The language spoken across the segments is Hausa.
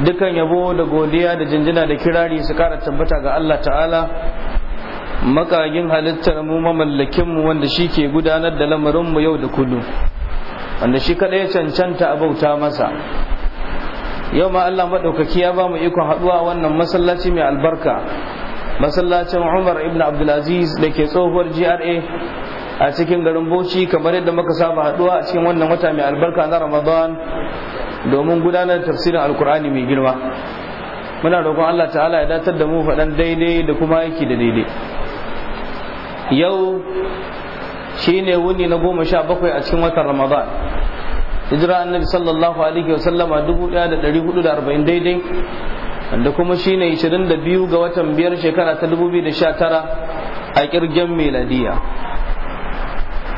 dukan yabo da godiya da jinjina da kirari su kara tabbata ga Allah ta'ala makagin halittar mu mamallakin mu wanda shi ke gudanar da lamarin mu yau da kullum wanda shi kada ya cancanta a bauta masa yau ma Allah maɗaukaki ya ba mu ikon haɗuwa wannan masallaci mai albarka masallacin Umar ibn Abdulaziz da ke tsohuwar GRA a cikin garin Bauchi kamar yadda muka saba haɗuwa a cikin wannan wata mai albarka na Ramadan domin gudanar da tafsirin alkur'ani mai girma muna roƙon Allah ta'ala ya datar da mu faɗan daidai da kuma aiki da daidai yau shine wuni na goma sha bakwai a cikin watan ramadan hijira annabi sallallahu alaihi wasallama dubu ɗaya da ɗari hudu da arba'in daidai da kuma shine ishirin da biyu ga watan biyar shekara ta dubu biyu da sha tara a ƙirgen meladiya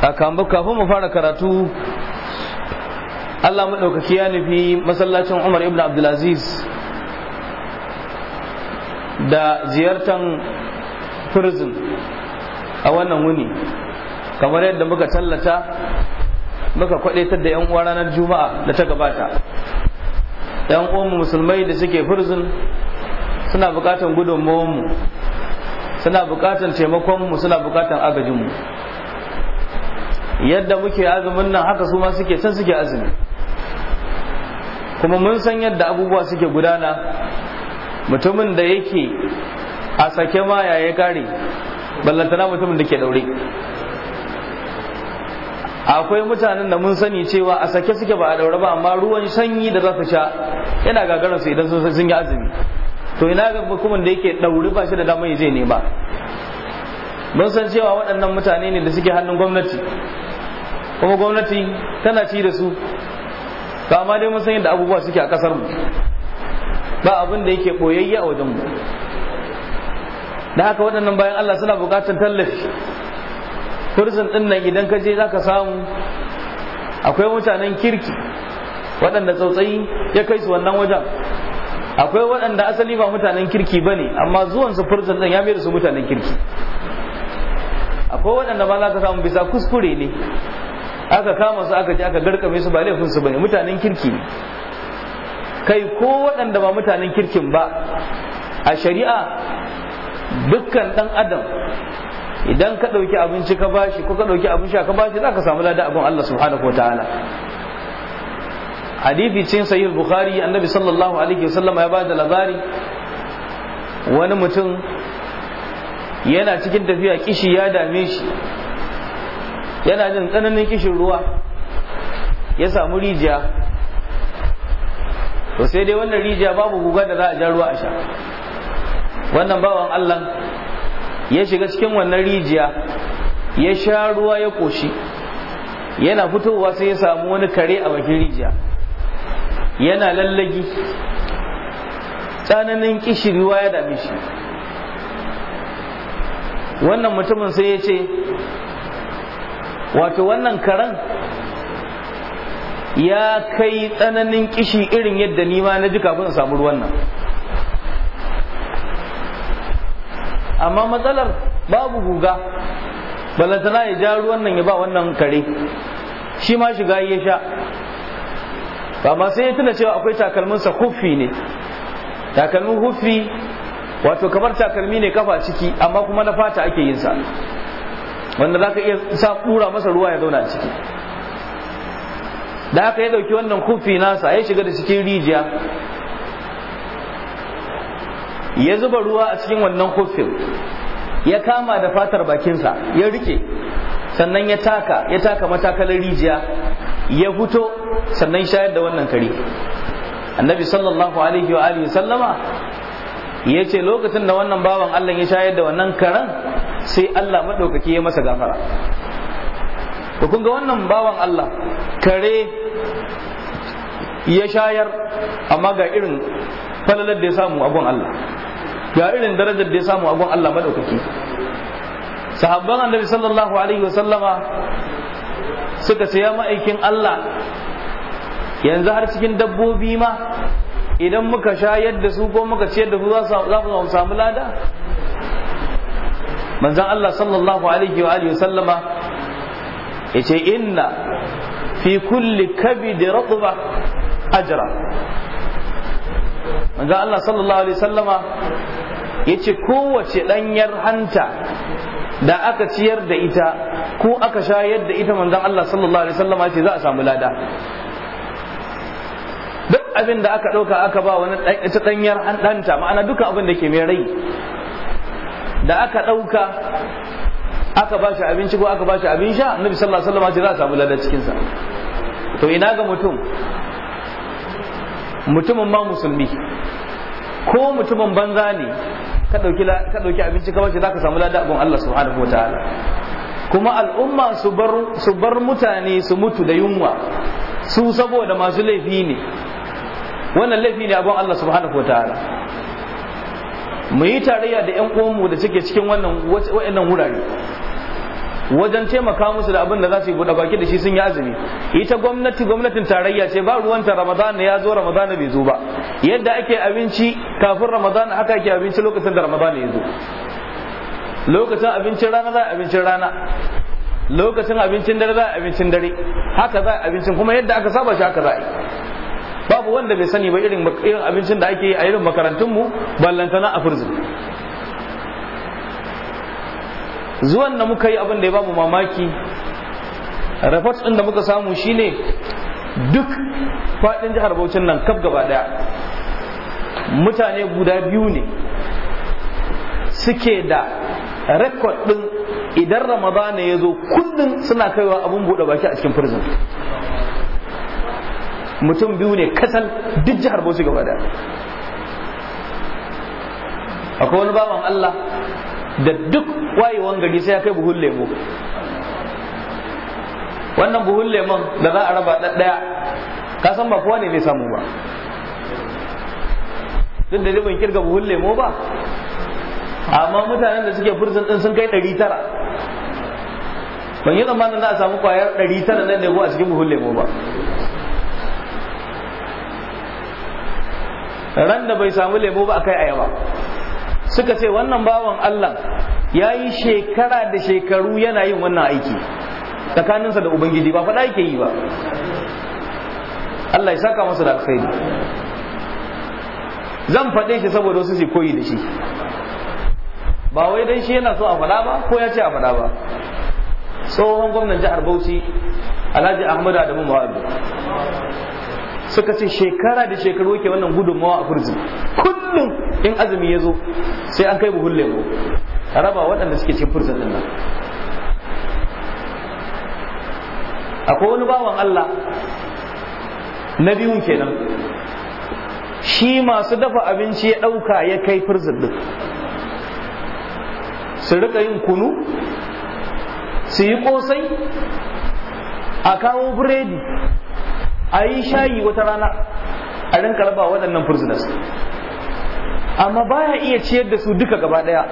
a kafin mu fara karatu Allah maɗaukaki ya nufi masallacin Umar ibn Abdulaziz da ziyartan prison a wannan wuni kamar yadda muka tallata muka kwadaitar da 'yan uwa ranar juma'a da ta gabata 'yan uwan musulmai da suke prison suna bukatan gudunmawanmu suna bukatan taimakonmu suna bukatan agajinmu yadda muke azumin nan haka su ma suke can suke azumi kuma mun san yadda abubuwa suke gudana mutumin da yake a sake ma ya kare ballantana mutumin da ke daure akwai mutanen da mun sani cewa a sake suke ba a daure ba amma ruwan sanyi da za su sha yana gagarar su idan sun yi azumi to ina ga da yake daure ba shi da damar ya je ne mun san cewa waɗannan mutane ne da suke hannun gwamnati kuma gwamnati tana ci da su ba amma dai mun san yadda abubuwa suke a kasar mu ba abin da yake boyayya a wajen mu da haka waɗannan bayan Allah suna buƙatar tallafi prison ɗin nan idan ka je za ka samu akwai mutanen kirki waɗanda tsautsayi ya kai su wannan wajen akwai waɗanda asali ba mutanen kirki ba ne amma zuwansu prison ɗin ya mai da su mutanen kirki akwai waɗanda ma za ka samu bisa kuskure ne aka kama su aka ji aka garkame su ba laifin su bane mutanen kirki ne kai ko waɗanda ba mutanen kirkin ba a shari'a dukkan ɗan adam idan ka ɗauki abinci ka bashi ko ka ɗauki abin sha ka bashi za ka samu lada abin Allah subhanahu wa ta'ala hadithi cin sahih bukhari annabi sallallahu alaihi wasallam ya bada labari wani mutum yana cikin tafiya kishi ya dame shi yana jin tsananin kishin ruwa ya samu rijiya to sai dai wannan rijiya babu guga da za a ja ruwa a sha wannan bawan Allah ya shiga cikin wannan rijiya ya sha ruwa ya koshi yana fitowa sai ya samu wani kare a bakin rijiya yana lallagi tsananin kishin ruwa ya dame shi wannan mutumin sai ya ce wato wannan karan ya kai tsananin kishi irin yadda nima na ji kafin samu ruwan nan amma matsalar babu guga balantana ya ja ruwan nan ya ba wannan kare shi ma shiga ya sha Ba sai ya tuna cewa akwai takalminsa huffi ne takalmin huffi wato kamar takalmi ne kafa ciki amma kuma na fata ake yin sa wanda za ka iya sa ɗura masa ruwa ya zauna ciki da aka ya ɗauki wannan kufi nasa ya shiga da cikin rijiya ya zuba ruwa a cikin wannan kufin ya kama da fatar bakinsa ya rike sannan ya taka ya taka matakalar rijiya ya fito sannan shayar da wannan kare annabi sallallahu alaihi wa alihi sallama ya ce lokacin da wannan bawan Allah ya shayar da wannan karen sai Allah maɗaukaki ya masa gafara to kun ga wannan bawan Allah kare ya shayar amma ga irin falalar da ya samu a Allah ga irin darajar da ya samu a Allah maɗaukaki sahabban annabi sallallahu alaihi wa sallama suka saya ma'aikin Allah yanzu har cikin dabbobi ma idan muka shayar da su ko muka ciyar da su za mu samu lada Manzan Allah sallallahu alaihi wa sallama, ya ce, inna fi kulli kabid ratba ajra Manzan Allah sallallahu alaihi sallama ya ce, kowace ɗanyar hanta da aka ciyar da ita ko aka shayar da ita manzan Allah sallallahu alaihi sallama ce za a samu lada duk abin da aka ɗauka aka ba wani ɗanyar hanta ma'ana duka abin da ke mai rai da aka ɗauka aka ba shi abinci ko aka ba shi abin sha annabi sallallahu alaihi wasallam ce za a samu lada cikin sa to ina ga mutum mutumin ma musulmi ko mutumin banza ne ka ɗauki ka dauki abinci ka shi za ka samu lada abun Allah subhanahu wataala kuma al'umma su bar su bar mutane su mutu da yunwa su saboda masu laifi ne wannan laifi ne abun Allah subhanahu wataala mu yi tarayya da yan uwanmu da suke cikin wannan wa'annan wurare wajen taimaka musu da abin da za su yi buɗe baki da shi sun yi azumi ita gwamnati gwamnatin tarayya ce ba ruwanta ramadana ya zo ramadana bai zo ba yadda ake abinci kafin ramadana haka ake abinci lokacin da ramadana ya zo lokacin abincin rana za abincin rana lokacin abincin dare za abincin dare haka za abincin kuma yadda aka saba shi haka za a yi babu wanda bai sani ba irin irin abincin da ake yi a irin makarantun mu ballantana a furzin zuwan da muka yi abin da ya babu mamaki rafat ɗin da muka samu shine duk faɗin jihar Bauchin nan kaf gaba ɗaya mutane guda biyu ne suke da rekod ɗin idan ramadana ya zo kullum suna kaiwa abun buɗe baki a cikin prison mutum biyu ne kasal duk jihar bosu gaba da akwai wani baban Allah da duk wayewan gari sai ya kai buhun lemo wannan buhun lemon da za a raba ɗaya ka san ba kowa ne zai samu ba duk da ban kirga buhun lemo ba amma mutanen da suke furzin din sun kai ɗari tara ban yi tsammanin za a samu kwayar ɗari tara nan lemo a cikin buhun lemo ba ran da bai samu lemo ba akai ayaba suka ce wannan bawan Allah ya yi shekara da shekaru yana yin wannan aiki tsakaninsa da ubangiji ba faɗa yake yi ba Allah ya saka masa da alkhairi zan faɗe shi saboda wasu su koyi da shi ba wai dan shi yana so a faɗa ba ko ya ce a faɗa ba tsohon gwamnan jihar Bauchi Alhaji Ahmadu Adamu Muhammad suka ce shekara da shekaru yake wannan gudunmawa a kurzi kullum in azumi ya zo sai an kai buhun mu. raba waɗanda suke cin furzan din nan akwai wani bawan Allah na biyun kenan shi masu dafa abinci ya ɗauka ya kai furzan din su rika yin kunu su yi ƙosai a kawo biredi a yi shayi wata rana a rinka raba waɗannan prisoners amma baya iya ciyar da su duka gaba ɗaya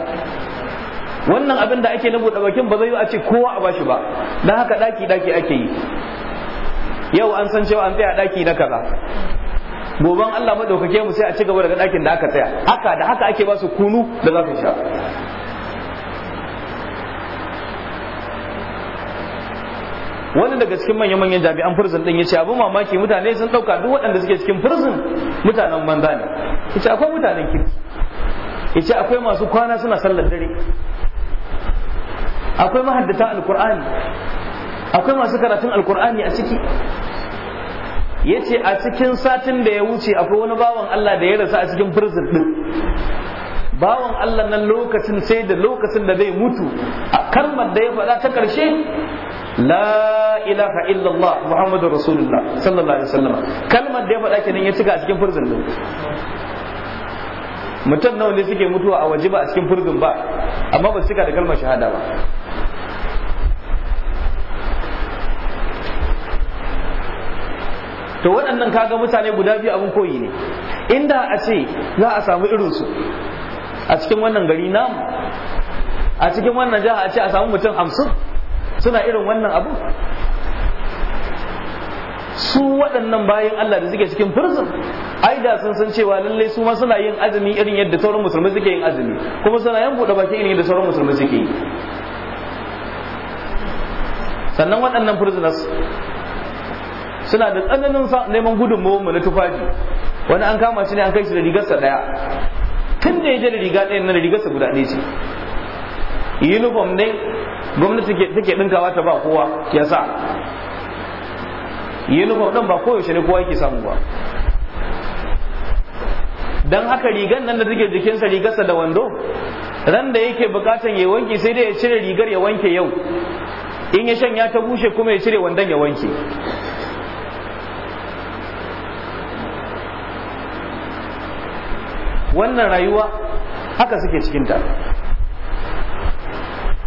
wannan abin da ake na buɗe ba zai yi a ce kowa a bashi ba don haka ɗaki ɗaki ake yi yau an san cewa an tsaya daki na kaza goban Allah madaukake mu sai a ci gaba daga ɗakin da aka tsaya haka da haka ake ba su kunu da za su sha wani daga cikin manyan manyan jami'an prison din yace abu mamaki mutane sun dauka duk waɗanda suke cikin prison mutanen banza ne yace akwai mutanen kirki yace akwai masu kwana suna sallar dare akwai mahaddata alqur'ani akwai masu karatun alqur'ani a ciki yace a cikin satin da ya wuce akwai wani bawan Allah da ya rasu a cikin prison din bawan Allah nan lokacin sai da lokacin da zai mutu a kalmar da ya faɗa ta ƙarshe la ilaha illallah muhammadur rasulullah sallallahu alaihi wasallam kalmar da ya faɗa kenan ya cika a cikin furzin din mutum nawa ne suke mutuwa a waje ba a cikin furzin ba amma ba su cika da kalmar shahada ba to waɗannan kaga mutane guda biyu abin koyi ne inda a ce za a samu irinsu a cikin wannan gari namu a cikin wannan jiha a ce a samu mutum hamsin suna irin wannan abu su waɗannan bayan Allah da suke cikin firzin ai da sun san cewa lallai su ma suna yin azumi irin yadda sauran musulmi suke yin azumi kuma suna yan buɗe baki irin yadda sauran musulmi suke yi sannan waɗannan prisoners suna da tsananin neman gudunmawar na tufafi wani an kama shi ne an kai shi da rigarsa ɗaya tun da ya je da riga ɗaya na rigarsa guda ɗaya ce uniform ne gwamnati take ɗinkawa ta ba kowa ya sa uniform ɗin ba koyaushe ne kowa yake samu ba don haka rigar nan da take jikinsa rigarsa da wando ran da yake bukatan ya wanke sai dai ya cire rigar ya wanke yau in ya shanya ta bushe kuma ya cire wandon ya wanke wannan rayuwa haka suke cikinta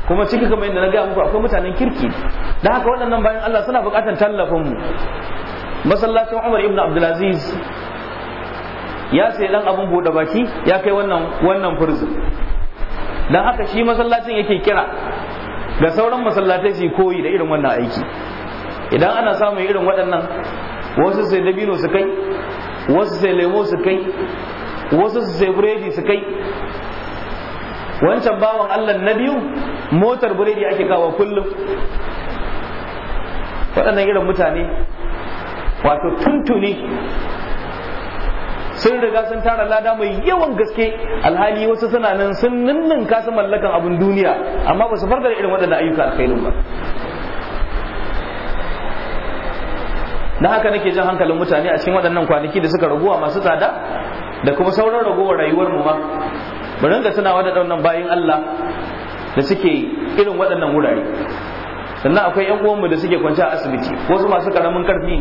kuma ciki kamar yadda na gaya muku akwai mutanen kirki da haka waɗannan bayan Allah suna buƙatar tallafin mu masallacin Umar ibn Abdulaziz ya sai dan abun buɗe baki ya kai wannan wannan furzin dan haka shi masallacin yake kira ga sauran masallatai su koyi da irin wannan aiki idan ana samun irin waɗannan wasu sai dabino su kai wasu sai lemo su kai wasu sai buredi su kai wancan bawan Allah na biyu motar buredi ake kawo kullum waɗannan irin mutane wato tuntuni sun riga sun tara lada mai yawan gaske alhali wasu suna nan sun ninnin kasu mallakan abin duniya amma ba su farga irin waɗannan ayyuka alkhairin ba Na haka nake jan hankalin mutane a cikin waɗannan kwanaki da suka raguwa masu tsada da kuma sauran raguwar rayuwar mu ma mu ringa suna da wannan bayan Allah da suke irin waɗannan wurare sannan akwai yan uwanmu da suke kwanci a asibiti wasu masu karamin karfi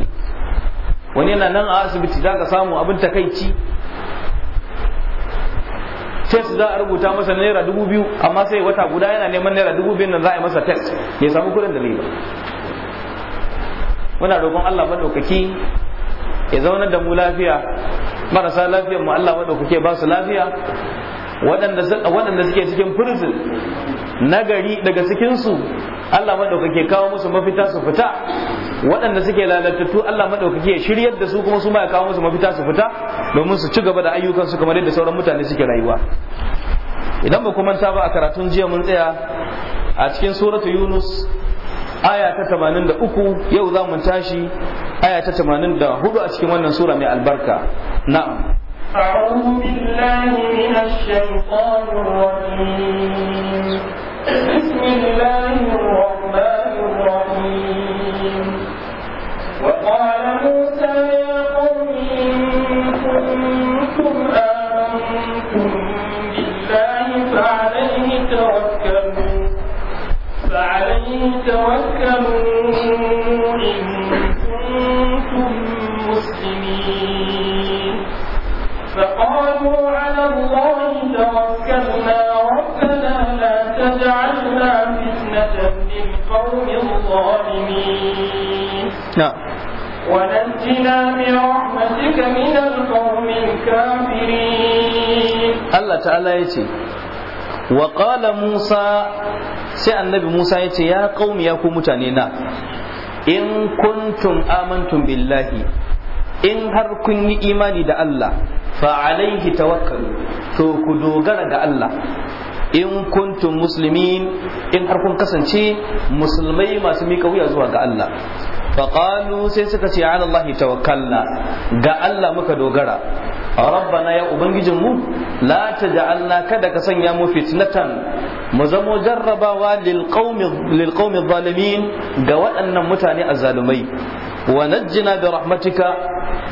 wani yana nan a asibiti za ka samu abin takaici test za a rubuta masa naira dubu biyu amma sai wata guda yana neman naira dubu biyu nan za a yi masa test ya samu kuɗin da riba muna roƙon Allah maɗaukaki ya zaunar da mu lafiya marasa lafiyar mu Allah maɗaukaki ba su lafiya waɗanda suke cikin firzin nagari daga cikinsu Allah maɗaukake kawo musu mafita su fita waɗanda suke lalatattu Allah maɗaukake ya shiryar da su kuma su kawo musu mafita su fita domin su ci gaba da ayyukansu kamar yadda sauran mutane suke rayuwa idan ba manta ba a karatun jiya mun tsaya a cikin surata yunus aya ta 83 yau za mu tashi aya ta 84 a cikin wannan sura mai albarka na'am أعوذ بالله من الشيطان الرجيم بسم الله الرحمن الرحيم وقال موسى يا قوم إن كنتم آمنتم بالله فعليه توكلوا فعليه توكلوا إن فقالوا على الله توكلنا ربنا لا تجعلنا فتنة للقوم الظالمين نعم ونجنا برحمتك من القوم الكافرين الله تعالى يتي وقال موسى sai النبي موسى ya يا قوم يا قوم ku إن كنتم آمنتم بالله in har kun yi imani da Allah fa alaihi tawakkalu to ku dogara ga Allah in kuntum muslimin in har kun kasance musulmai masu mika wuya zuwa ga Allah faƙalu sai suka ce ala Allah tawakkalna ga Allah muka dogara rabbana ya ubangijin mu la taj'alna kada ka sanya mu fitnatan mu zamo jarrabawa lil qaumi lil zalimin ga waɗannan mutane azzalumai wa najjina bi rahmatika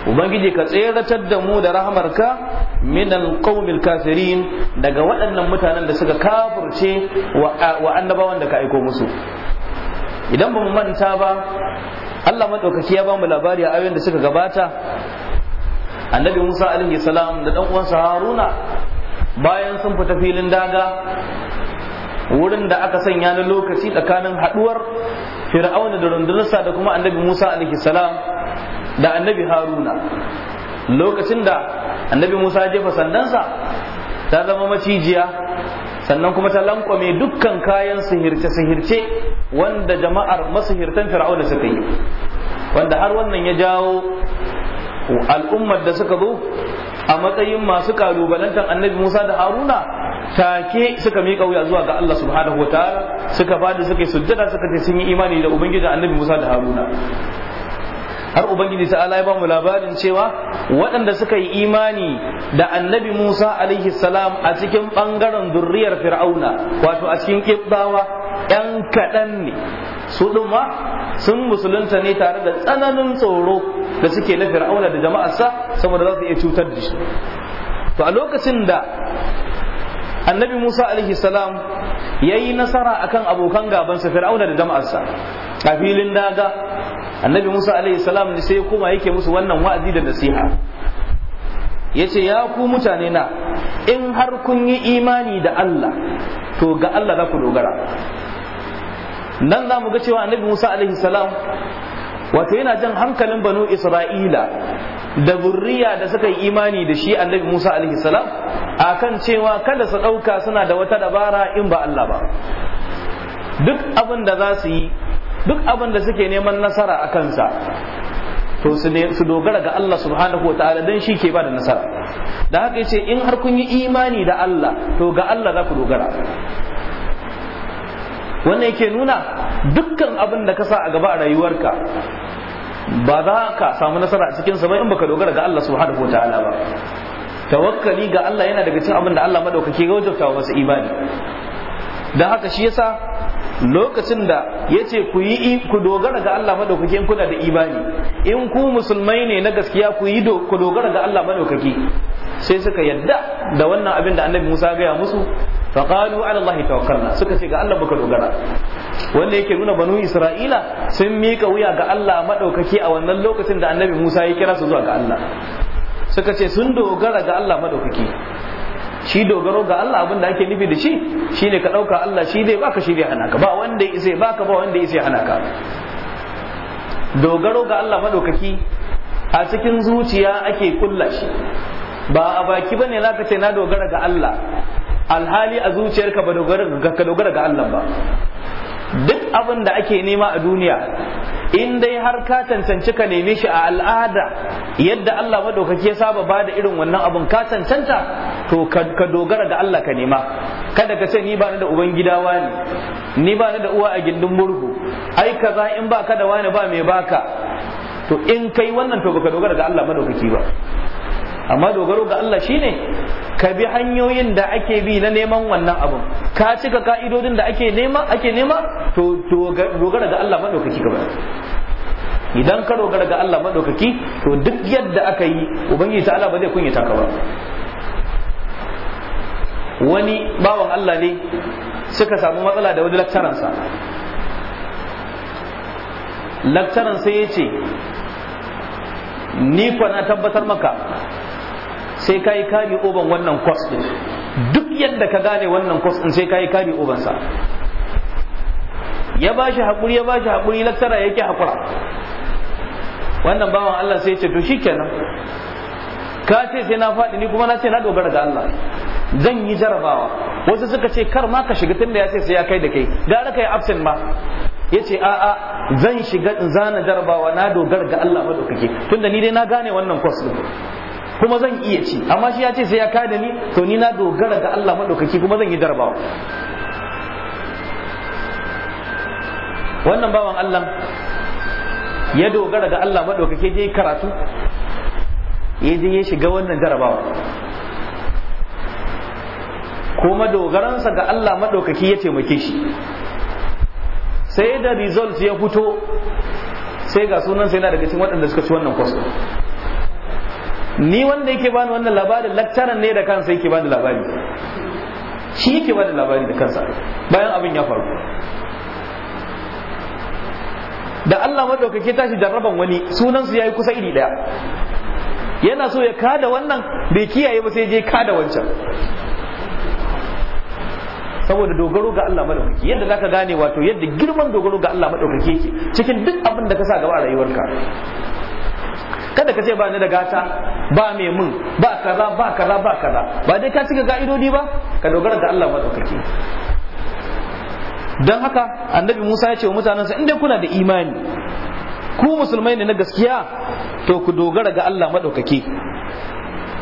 ubangiji ka tseratar da mu da rahamarka Minan alqawmil kafirin daga waɗannan mutanen da suka kafirce wa annabawan da ka aiko musu idan ba mu manta ba Allah madaukaki ya bamu labari a ayoyin da suka gabata annabi Musa alaihi salam da dan uwansa Haruna bayan sun fita filin daga wurin da aka sanya na lokaci tsakanin haduwar fir'auna da rundunarsa da kuma annabi Musa alaihi salam da annabi haruna lokacin da annabi musa jefa sandansa ta zama macijiya sannan kuma ta lankwame dukkan kayan sihirce-sihirce wanda jama'ar masihirtan fir'auna suka yi wanda har wannan ya jawo al'ummar da suka zo a matsayin masu kalubalantar annabi musa da haruna take suka miƙa wuya zuwa ga allah subhanahu wa ta'ala suka bada suka yi sujjada suka ce sun yi imani da ubangiji annabi musa da haruna har ubangiji ta ya ba mu labarin cewa waɗanda suka yi imani da annabi Musa alaihi salam a cikin ɓangaren zurriyar fir'auna wato a cikin ƙibbawa ‘yan kaɗan ne su ɗuma sun musulunta ne tare da tsananin tsoro da suke na fir'auna da jama'arsa saboda za su iya cutar da shi to a lokacin da annabi Musa alaihi salam ya yi nasara akan abokan gabansa fir'auna da jama'arsa a filin daga annabi Musa alaihi salam ne sai ya koma yake musu wannan wa'azi da nasiha yace ya ku mutane na in har kun yi imani da Allah to ga Allah za ku dogara nan za mu ga cewa annabi Musa alaihi salam wato yana jan hankalin banu Isra'ila da burriya da suka yi imani da shi annabi Musa alaihi salam akan cewa kada su ɗauka suna da wata dabara in ba Allah ba duk abin da za su yi duk abin da suke neman nasara a kansa to su dogara ga Allah subhanahu wa ta'ala dan shi ke ba da nasara da haka yace in har kun yi imani da Allah to ga Allah za ku dogara wannan yake nuna dukkan abin da ka sa a gaba a rayuwarka ba za ka samu nasara a cikinsa ba in baka dogara ga Allah subhanahu wa ta'ala ba tawakkali ga Allah yana daga cikin abin da Allah madaukake ya wajabta masa imani dan haka shi yasa lokacin da ya ce ku yi ku dogara ga Allah madaukaki in kuna da imani in ku musulmai ne na gaskiya ku yi ku dogara ga Allah madaukaki sai suka yadda da wannan abin da annabi Musa gaya musu faqalu ala Allah tawakkalna suka ce ga Allah muka dogara wanda yake nuna banu Isra'ila sun mika wuya ga Allah madaukaki a wannan lokacin da annabi Musa ya kira su zuwa ga Allah suka ce sun dogara ga Allah madaukaki shi dogaro ga Allah abin da ake nufi da shi shine ka ɗauka Allah shi zai baka shi zai hana ka ba wanda ya zai baka ba wanda ya zai hana ka dogaro ga Allah madaukaki a cikin zuciya ake kulla shi ba a baki bane zaka ce na dogara ga Allah alhali a zuciyarka ba dogara ga Allah ba duk abin da ake nema a duniya in dai har ka cancanci ka neme shi a al'ada yadda Allah madaukaki ya saba ba da irin wannan abun ka cancanta to ka dogara ga Allah ka nema kada ka ce ni ba ni da uban gida wani ni ba ni da uwa a gindin murhu ai kaza in ba ka da wani ba mai baka to in kai wannan to baka dogara ga Allah madaukaki ba amma dogaro ga Allah shine ka bi hanyoyin da ake bi na neman wannan abun ka cika ka'idodin da ake nema ake nema to dogara ga Allah madaukaki gaba idan ka dogara ga Allah madaukaki to duk yadda aka yi ubangiji ta'ala ba zai kunyata ka ba wani bawan Allah ne suka samu matsala da wani lakcaransa lakcaran sai ya ce ni fa na tabbatar maka sai ka yi kari oban wannan kwas din duk yadda ka gane wannan kwas din sai ka yi kari oban sa ya ba shi haƙuri ya ba shi haƙuri laksara ke haƙura wannan bawan Allah sai ce to shikenan ka ce sai na faɗi ni kuma na ce na dogara ga Allah zan yi jarabawa wasu suka ce kar ma ka shiga tunda ya ce sai ya kai da kai gara kai absent ma ya ce a'a zan shiga in zana jarabawa na dogara ga Allah madaukake tunda ni dai na gane wannan course din kuma zan iya ci amma shi ya ce sai ya da ni to ni na dogara ga Allah madaukaki kuma zan yi jarabawa wannan bawan Allah ya dogara ga Allah madaukaki je karatu ya je ya shiga wannan jarabawa kuma dogaransa ga Allah madaukaki ya taimake shi sai da result ya fito sai ga sunan sai yana daga cikin waɗanda suka ci wannan kwasu ni wanda yake bani wannan labarin lakcaran ne da kansa yake bani labari shi yake bani labari da kansa bayan abin ya faru da Allah madaukake tashi jarraban wani sunan su yayi kusa iri daya yana so ya kada wannan bai kiyaye ba sai je kada wancan saboda dogaro ga Allah madaukake yadda zaka gane wato yadda girman dogaro ga Allah madaukake yake cikin duk abin da ka sa gaba a rayuwarka kada ka ce ba ni da gata ba mai mun ba kaza ba kaza ba kaza ba dai ka cika ka'idodi ba ka dogara da Allah madaukaki don haka annabi Musa ya ce wa mutanensa in dai kuna da imani ku musulmai ne na gaskiya to ku dogara ga Allah madaukaki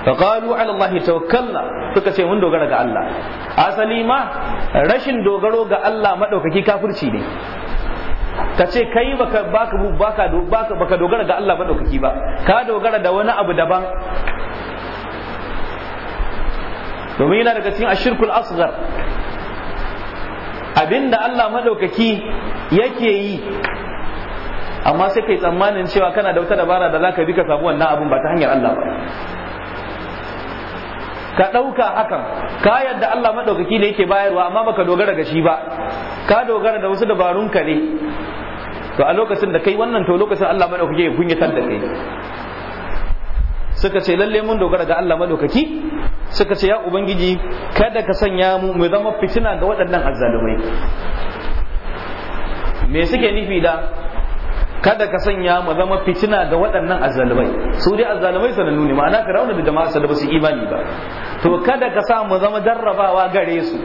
فقالوا على الله توكلنا suka ce mun dogara ga Allah asali ma rashin dogaro ga Allah madaukaki kafirci ne ka ce kai baka baka dogara ga Allah madaukaki ba ka dogara da wani abu daban domin yana daga cikin ashirkul asghar abinda Allah madaukaki yake yi amma sai kai tsammanin cewa kana da wata dabara da zaka bi ka samu wannan abun ba ta hanyar Allah ba ka ɗauka hakan ka yadda Allah maɗaukaki ne yake bayarwa amma baka dogara ga shi ba ka dogara da wasu dabarunka ne to a lokacin da kai wannan to lokacin Allah maɗaukaki ya kunyatar da kai suka ce lalle mun dogara ga Allah madaukaki suka ce ya ubangiji kada ka sanya mu mu zama fitina ga waɗannan azzalumai me suke nufi da kada ka sanya mu zama fitina ga waɗannan azzalumai su dai azzalumai sanan nuni ma'ana rauna da jama'a da basu imani ba to kada ka sa mu zama jarrabawa gare su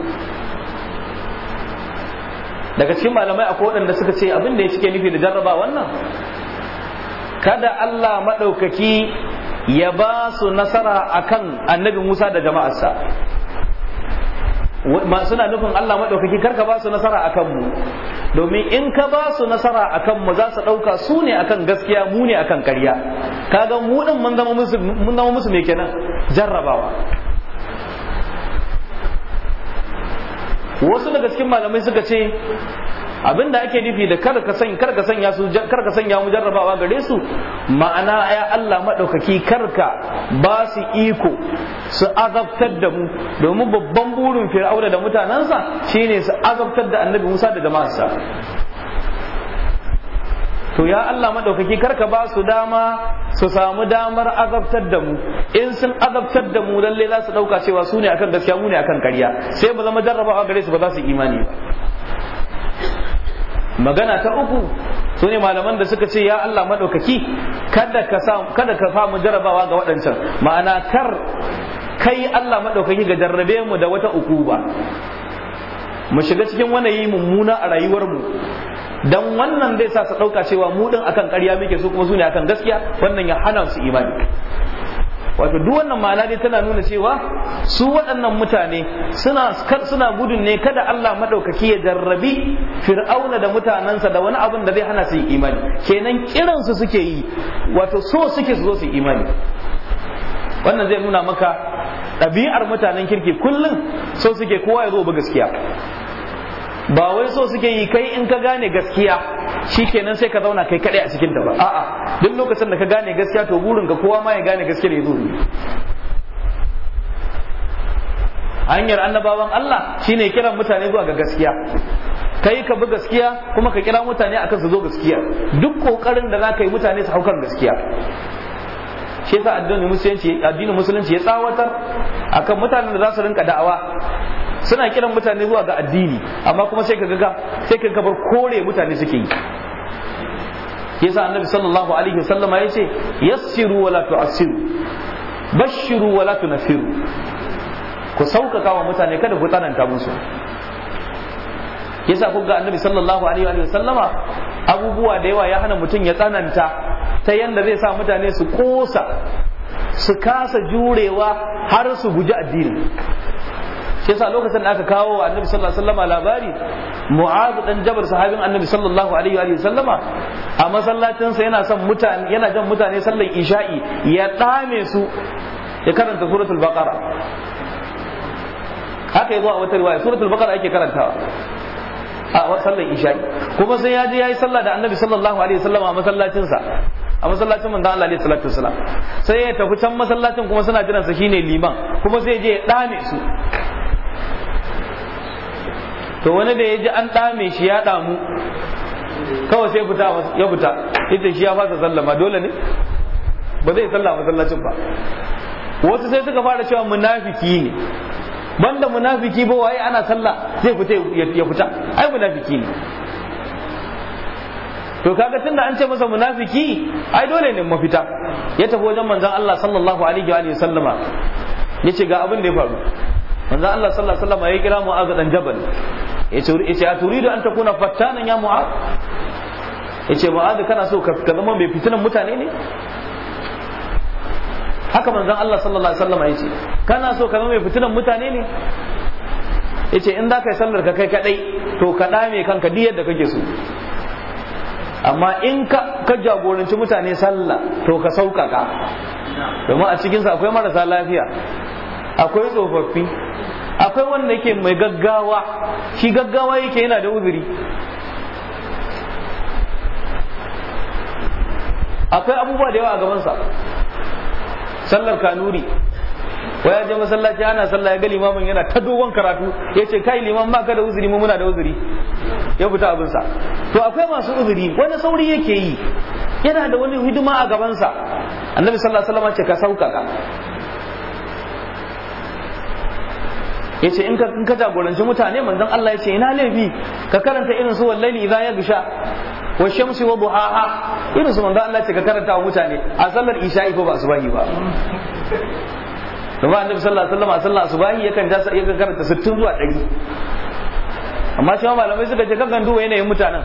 daga cikin malamai akwai waɗanda suka ce abin da ya cike nufi da jarraba wannan kada Allah maɗaukaki ya ba su nasara akan annabi Musa da jama'arsa suna nufin Allah maɗaukaki karka ba su nasara a kanmu domin in ka ba su nasara a kanmu za su ɗauka su ne kan gaskiya mu ne akan ƙarya kaga mu ɗin mun zama musu mai zama kenan jarrabawa wasu daga cikin malamai suka ce Abin da ake nufi da kar ka sanya su kar ka sanya mu jarrabawa gare su ma'ana ya Allah madaukaki kar ba su iko su azabtar da mu domin babban burin fir'auna da mutanansa shine su azabtar da annabi Musa da jama'arsa to ya Allah maɗaukaki karka ba su dama su samu damar azabtar da mu in sun azabtar da mu lalle za su ɗauka cewa su ne akan gaskiya mu ne akan karya sai mu zama jarrabawa gare su ba za su imani ba magana ta uku su ne malaman da suka ce ya Allah maɗaukaki kada ka fa mu jarabawa ga waɗancan ma'ana kar kai Allah maɗaukaki ga jarrabe mu da wata uku ba mu shiga cikin wani mummuna a rayuwar mu don wannan zai sa su ɗauka cewa mu ɗin akan ƙarya muke su kuma su ne akan gaskiya wannan ya hana su imani wato duk wannan ma'ana dai tana nuna cewa su waɗannan mutane suna suna gudun ne kada Allah madaukaki ya jarrabi fir'auna da mutanansa da wani abin da zai hana su yi imani kenan su suke yi wato so suke su zo su yi imani wannan zai nuna maka ɗabi'ar mutanen kirki kullum so suke kowa ya zo ba gaskiya ba wai so suke yi kai in ka gane gaskiya kenan sai ka zauna kai kadai a cikin ta ba a'a duk lokacin da ka gane gaskiya to burin ka kowa ma ya gane gaskiya ya zo hanyar annabawan Allah shine kiran mutane zuwa ga gaskiya kai ka bi gaskiya kuma ka kira mutane akan su zo gaskiya duk kokarin da zaka yi mutane su haukan gaskiya shi yasa addinin musulunci addinin musulunci ya tsawatar akan mutanen da za su rinka da'awa suna kiran mutane zuwa ga addini amma kuma sai ka ga sai ka kabar kore mutane suke yi yasa annabi sallallahu alaihi wasallam ya ce yassiru wala tu'assiru bashiru wala tunfiru ku sauƙaƙa wa mutane kada ku tsananta musu yasa kuka ga annabi sallallahu alaihi wa sallama abubuwa da yawa ya hana mutum ya tsananta ta yanda zai sa mutane su kosa su kasa jurewa har su guji addini shi yasa lokacin da aka kawo wa annabi sallallahu alaihi wasallama labari mu'azu dan jabal sahabin annabi sallallahu alaihi wa sallama a masallacin sa yana son mutane yana jan mutane sallar isha'i ya dame su ya karanta suratul baqara haka yazo a wata riwaya suratul baqara ake karantawa a sallar isha'i kuma sai ya je yayi sallah da annabi sallallahu alaihi wa a masallacin sa a masallacin manzon Allah alaihi salatu wasalam sai ya tafi can masallacin kuma suna jiran sa shine liman kuma sai ya je ya dame su to wani da ya ji an ɗame shi ya ɗamu kawai sai fita ya fita ita shi ya fasa sallama dole ne ba zai salla masallacin ba wasu sai suka fara cewa munafiki ne banda munafiki ba waye ana sallah sai fita ya fita ai munafiki ne to kaga tunda an ce masa munafiki ai dole ne mafita ya tafi wajen manzon Allah sallallahu alaihi wa sallama ce ga abin da ya faru manzo Allah sallallahu alaihi wasallam ya kira Mu'adh dan Jabal yace yace a turidu an takuna fattanan ya Mu'adh yace Mu'adh kana so ka zama mai fitinan mutane ne haka manzon Allah sallallahu alaihi wasallam yace kana so ka zama mai fitinan mutane ne yace in za ka yi sallar ka kai kadai to ka dame kanka duk yadda kake so amma in ka jagoranci mutane sallah to ka sauƙaƙa domin a cikinsa akwai marasa lafiya akwai tsofaffi akwai wanda yake mai gaggawa shi gaggawa yake yana da uzuri akwai abubuwa da yawa a gabansa sallar kanuri waya je masallaci ana sallah ya ga limamin yana ta dogon karatu ya ce kai liman ka da uzuri mu muna da uzuri ya fita abinsa to akwai masu uzuri wani sauri yake yi yana da wani hidima a gabansa annabi sallallahu alaihi wasallam ce ka sauka ka. yace in ka in ka jagoranci mutane manzon Allah ya ce ina laifi ka karanta irin su wallahi ya gusha. wa shamsi wa duhaha irin su manzon Allah ya ce ka karanta wa mutane a sallar isha'i ko ba su bahi ba kuma annabi sallallahu alaihi wasallam a sallar asubahi yakan ja yakan karanta 60 zuwa 100 amma shi malamai suka ce gandu wa yanayin mutanen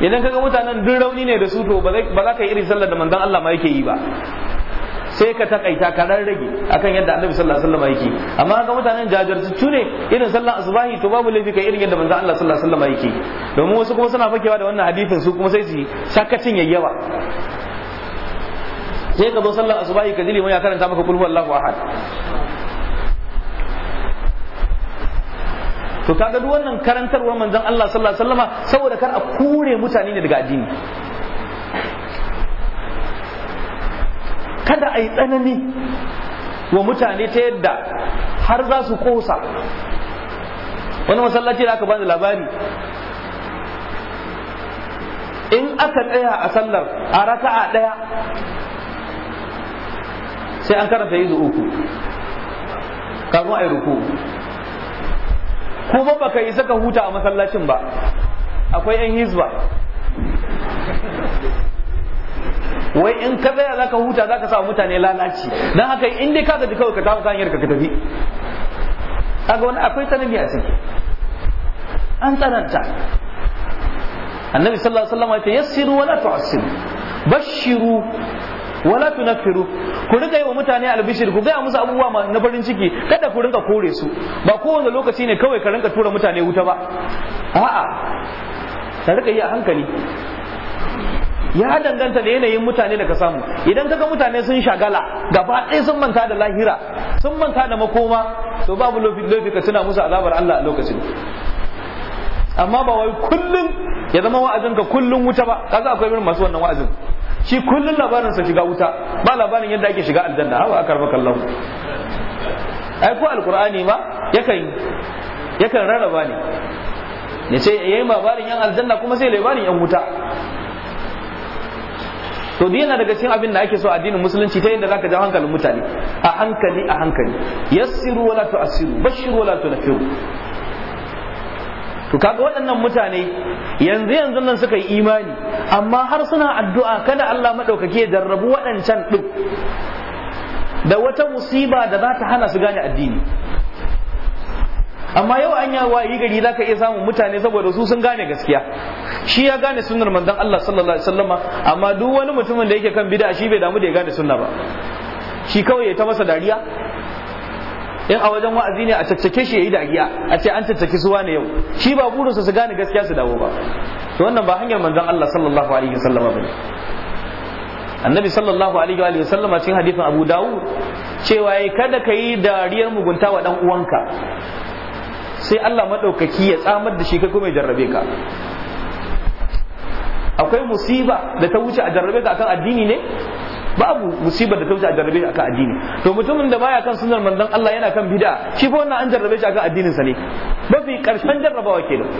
idan kaga mutanen duk rauni ne da su to ba za ka yi irin sallar da manzon Allah ma yake yi ba sai ka takaita ka dan rage akan yadda annabi sallallahu alaihi wasallam yake amma ga mutanen jajirtattu ne irin sallan asubahi to babu laifi kai irin yadda manzo Allah sallallahu alaihi wasallam yake domin wasu kuma suna fakewa da wannan hadisin su kuma sai su sakacin yayyawa sai ka zo sallar asubahi ka jili ya karanta maka kulhu Allahu ahad to kaga duk wannan karantarwar manzon Allah sallallahu alaihi wasallama saboda kar a kure mutane ne daga addini kada a yi tsanani wa mutane ta yadda har za su kosa wani masallaci da aka bani labari in aka tsaya a sallar a raka'a ɗaya sai an karanta yi uku kafin a yi ruku kuma baka yi saka huta a masallacin ba akwai 'yan hizba wai in ka tsaya ka huta za ka sa mutane lalaci don haka in dai ka gaji kawai ka tafi hanyar ka tafi kaga wani akwai tsanani a ciki an tsananta annabi sallallahu alaihi wasallam ya ce yassiru wala tu'assiru bashiru wala tunaffiru ku rika yi wa mutane albishir ku gaya musu abubuwa na farin ciki kada ku rinka kore su ba kowane lokaci ne kawai ka rinka tura mutane wuta ba a'a ka rika yi a hankali ya danganta da yanayin mutane da ka samu idan kaga mutane sun shagala gaba ɗaya sun manta da lahira sun manta da makoma to babu lofi ka tuna musu azabar Allah a lokacin amma ba wai kullun ya zama wa'azin ka kullun wuta ba kaga akwai irin masu wannan wa'azin shi kullun labarin sa shiga wuta ba labarin yadda ake shiga aljanna hawa akar baka Allah ai ko alqur'ani ma yakan yakan rarraba ne ya sai yayin babarin yan aljanna kuma sai labarin yan wuta to duk yana daga cikin abin da ake so addinin musulunci ta yadda zaka ja hankalin mutane a hankali a hankali yassiru wala tu'assiru bashiru wala tunfiru to kaga waɗannan mutane yanzu yanzu nan suka yi imani amma har suna addu'a kada Allah madaukake ya jarrabu waɗancan din da wata musiba da za ta hana su gane addini amma yau an ya wayi gari zaka iya samun mutane saboda su sun gane gaskiya shi ya gane sunnar manzon Allah sallallahu alaihi wasallama amma duk wani mutumin da yake kan bid'a shi bai damu da ya gane sunna ba shi kawai ya ta masa dariya in a wajen wa'azi ne a caccake shi yayi dariya a ce an caccake su wane yau shi ba burinsa su gane gaskiya su dawo ba to wannan ba hanyar manzon Allah sallallahu alaihi wasallama bane annabi sallallahu alaihi wa sallama cikin hadisin abu dawud cewa kada ka yi dariyar mugunta wa dan uwanka sai Allah maɗaukaki ya tsamar da shi kai kuma ya jarrabe ka akwai musiba da ta wuce a jarrabe ka akan addini ne babu musibar da ta wuce a jarrabe ka akan addini to mutumin da baya kan sunan manzon Allah yana kan bid'a shi fa wannan an jarrabe shi akan addinin sa ne mafi karshen jarrabawa kenan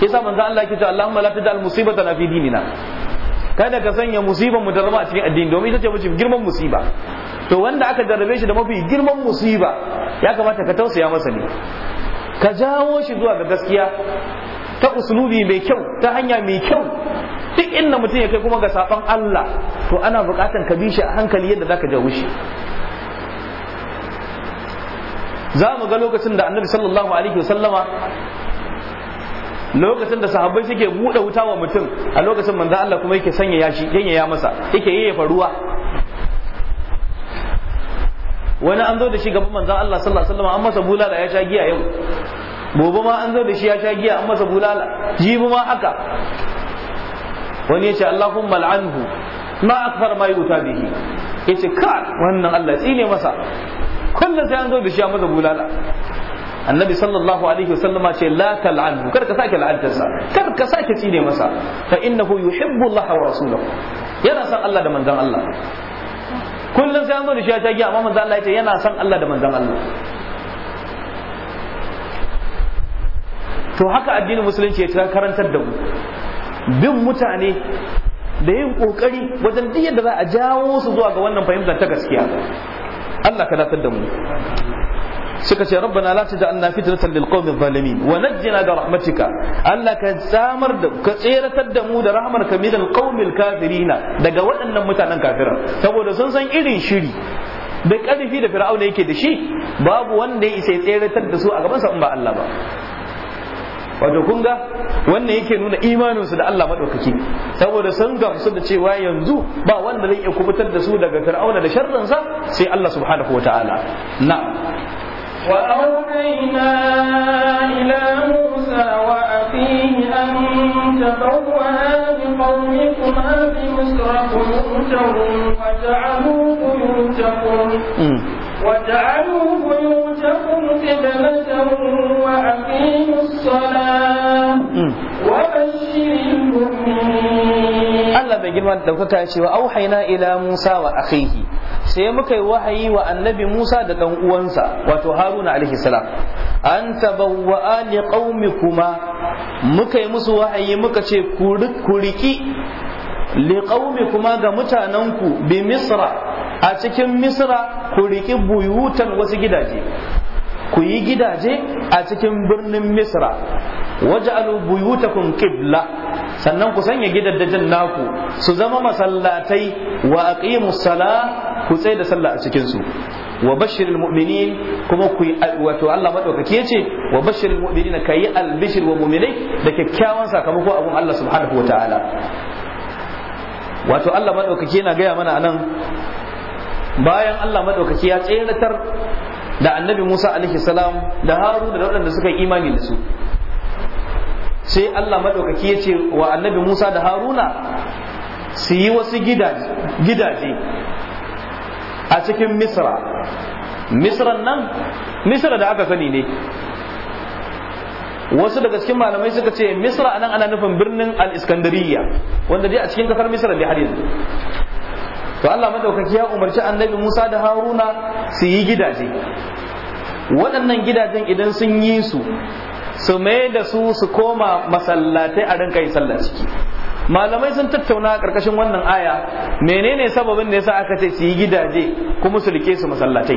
yasa manzon Allah yake cewa Allahumma la taj'al musibatana fi dinina kada ka sanya musibar mu da a cikin addini domin ita ce mace girman musiba to wanda aka jarrabe shi da mafi girman musiba ya kamata ka tausaya masa ne ka jawo shi zuwa ga gaskiya ta usulubi mai kyau ta hanya mai kyau duk inda mutum ya kai kuma ga saban Allah to ana bukatan ka bi shi a hankali yadda zaka jawo shi za mu ga lokacin da annabi sallallahu alaihi wasallama lokacin da sahabbai suke buɗe wuta wa mutum a lokacin manzo Allah kuma yake sanya yashi yake ya masa yake yayyafa ruwa wani an zo da shi gaban manzon Allah sallallahu alaihi wasallam an masa bulala ya sha giya yau gobe ma an zo da shi ya sha giya an masa bulala jibi ma haka wani yace Allahumma al'anhu ma akthar ma yuta bihi yace ka wannan Allah tsine masa kullum sai an zo da shi a masa bulala annabi sallallahu alaihi wasallama ce la tal'anhu kar ka sake la'antarsa kar ka sake tsine masa fa innahu yuhibbu Allah wa rasulahu yana san Allah da manzon Allah kullum sai an zo da shi ya tagi amma manzo Allah ya ce yana son Allah da manzon Allah to haka addinin musulunci ya karantar da mu bin mutane da yin kokari wajen duk yadda za a jawo su zuwa ga wannan fahimtar ta gaskiya Allah ka datar da mu suka ce rabbana la taj'alna fitnatan lil qawmi zalimin wa najjina bi rahmatika Allah ka samar da ka tseratar da mu da rahmarka min al qawmil kafirina daga waɗannan mutanen kafira saboda sun san irin shiri da ƙarfi da fir'auna yake da shi babu wanda ya isa ya tseratar da su a gabansa in ba Allah ba wato kun ga wannan yake nuna imaninsu da Allah maɗaukaki saboda sun gamsu da cewa yanzu ba wanda zai iya kubutar da su daga fir'auna da sharrinsa sai Allah subhanahu wa ta'ala na وأوحينا إلى موسى وأخيه أن تبوأ بقومكما بمصر بيوتهم وجعلوا بيوتكم وجعلوا بيوتكم قبلة kalimar da ɗaukaka wa auhaina ila Musa wa akhihi sai muka yi wahayi wa annabi Musa da ɗan uwansa wato Haruna alaihi salam an tabawwa'a li qaumikuma muka yi musu wahayi muka ce ku riki li qaumikuma ga mutananku bi Misra a cikin Misra ku riki buyutan wasu gidaje ku yi gidaje a cikin birnin Misra waj'alu buyutakum qibla sannan ku sanya gidajen naku su zama masallatai wa aqimus sala ku tsaye da sallah a cikin su wa bashiril mu'minin kuma ku wato Allah madaukaki ce wa bashiril mu'minina kayi albishir wa mu'minai da kyakkyawan sakamako a gun Allah subhanahu wataala wato Allah madaukaki yana gaya mana anan bayan Allah madaukaki ya tseratar da annabi Musa alaihi salam da Harun da waɗanda suka imani da su sai Allah madaukaki ya ce wa annabi Musa da Haruna su yi wasu gidaje a cikin Misra Misran nan Misra da aka sani ne wasu daga cikin malamai suka ce Misra anan ana nufin birnin al-Iskandariya wanda dai a cikin kasar Misra ne har yanzu to Allah madaukaki ya umarci annabi Musa da Haruna su yi gidaje waɗannan gidajen idan sun yi su su mai da su su koma masallatai a rinka yi sallah ciki malamai sun tattauna a ƙarƙashin wannan aya menene sababin da yasa aka ce su yi gidaje kuma su rike su masallatai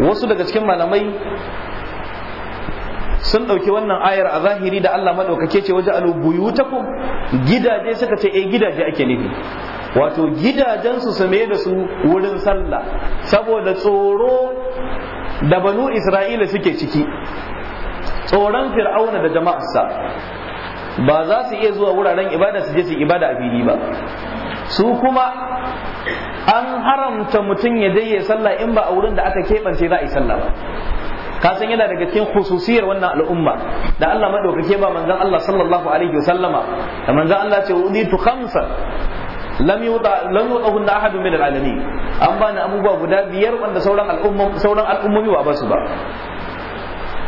wasu daga cikin malamai sun ɗauki wannan ayar a zahiri da Allah maɗaukake ce waje ku? gidaje suka ce eh gidaje ake nufi wato gidajensu su mai da su wurin sallah saboda tsoro da banu isra'ila suke ciki tsoron fir'auna da jama'arsa ba za su iya zuwa wuraren ibada su je su ibada a fili ba su kuma an haramta mutum ya je sallah in ba a wurin da aka keɓance za a yi sallah ba ka san yana daga cikin khususiyar wannan al'umma da Allah madaukake ba manzon Allah sallallahu alaihi wasallama da manzon Allah ce uditu khamsa lam yuda lam yudahunna ahadun min al'alamin an bani abubuwa guda biyar wanda sauran al'umma sauran al'ummomi ba basu ba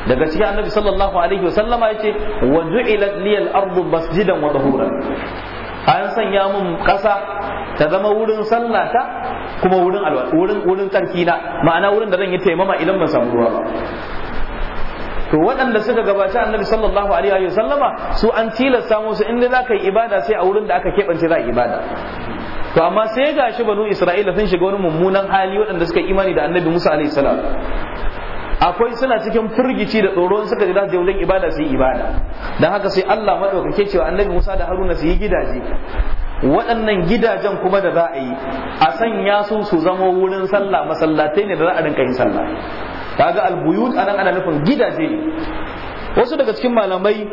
daga cikin annabi sallallahu alaihi sallama yace wa ju'ilat liyal ardu masjidan wa tahura an sanya mun kasa ta zama wurin sallata kuma wurin alwala wurin wurin tsarki na ma'ana wurin da zan yi taimama idan ban samu ruwa ba to waɗanda suka gabata annabi sallallahu alaihi wasallama su an tilasta musu inda za ka yi ibada sai a wurin da aka keɓance za a ibada to amma sai gashi banu isra'ila sun shiga wani mummunan hali waɗanda suka imani da annabi musa alaihi salam akwai suna cikin firgici da tsoron suka ji za su je ibada su yi ibada dan haka sai Allah madaukake cewa annabi Musa da Haruna su yi gidaje waɗannan gidajen kuma da za a yi a sanya su su zama wurin sallah masallatai ne da za a rinka yin sallah kaga albuyut anan ana nufin gidaje wasu daga cikin malamai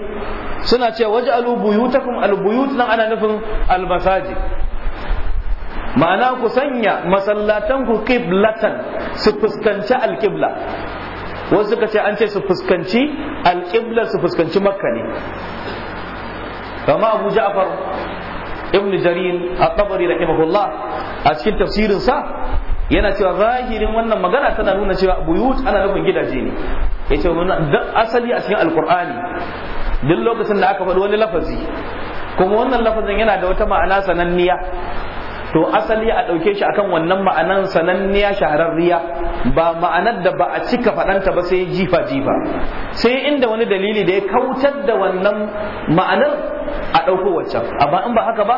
suna cewa waje albuyutakum albuyut nan ana nufin almasaji ma'ana ku sanya masallatan ku qiblatan su fuskanci alqibla wasu suka ce an ce su fuskanci alƙiblar su fuskanci makka ne kama abu ja'far ibn jarir at-tabari rahimahullah a cikin tafsirin sa yana cewa zahirin wannan magana tana nuna cewa buyut ana nufin gidaje ne yace asali a cikin alqur'ani duk lokacin da aka faɗi wani lafazi kuma wannan lafazin yana da wata ma'ana sananniya to asali a ɗauke shi akan wannan ma'anan sananniya shahararriya ba ma'anar da ba a cika faɗanta ba sai jifa jifa sai inda wani dalili da ya kautar da wannan ma'anar a ɗauko waccan amma in ba haka ba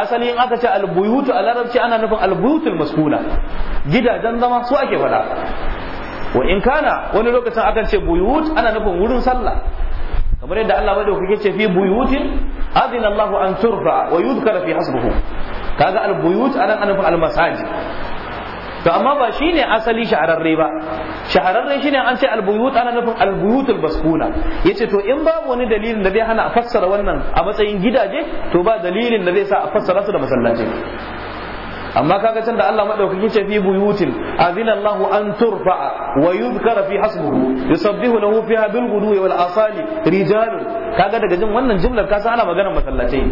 asali in aka ce albuyutu a larabci ana nufin albuyutul maskuna gidajen zama su ake faɗa wa in kana wani lokacin akan ce buyut ana nufin wurin sallah kamar yadda Allah madaukake ce fi buyutin adina Allahu an turfa wa yuzkara fi hasbuhu kaga albuyut anan ana nufin almasaji to amma ba shine asali shahararre ba shahararre shine an ce albuyut ana nufin albuyutul baskuna yace to in babu wani dalilin da zai hana a fassara wannan a matsayin gidaje to ba dalilin da zai sa a fassara su da masallaci amma kaga can da Allah madaukaki ce fi buyutin azina Allahu an turfa'a wa yuzkara fi hasbuhu yusabbihu lahu fiha bil ghudwi wal asali rijalun kaga daga jin wannan jimlar ka san ana maganar masallatai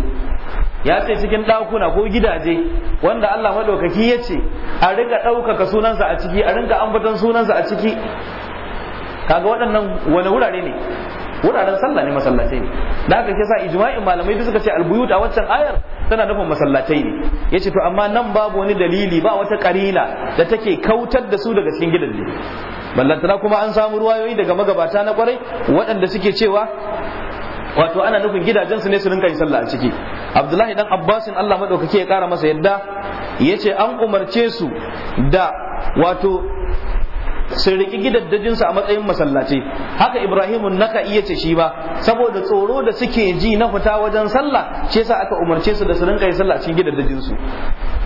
ya ce cikin ɗakuna ko gidaje wanda Allah maɗaukaki ya ce a rinka ɗaukaka sunansa a ciki a rinka ambaton sunansa a ciki kaga waɗannan wani wurare ne wuraren sallah ne masallatai ne da haka kisa ijma'in malamai duk suka ce albuyut a waccan ayar tana nufin masallatai ne yace to amma nan babu wani dalili ba wata karina da take kautar da su daga cikin gidan ne ballantana kuma an samu ruwayoyi daga magabata na kwarai waɗanda suke cewa wato ana nufin gidajen su ne su rinka yin sallah a ciki abdullahi dan abbasin allah maɗaukaki ya kara masa yadda yace an umarce su da wato sun riki gidaddajinsu a matsayin masallaci haka ibrahimun naka iya ce shi ba saboda tsoro da suke ji na fita wajen sallah shi yasa aka umarce su da su rinka yin sallah cikin gidaddajinsu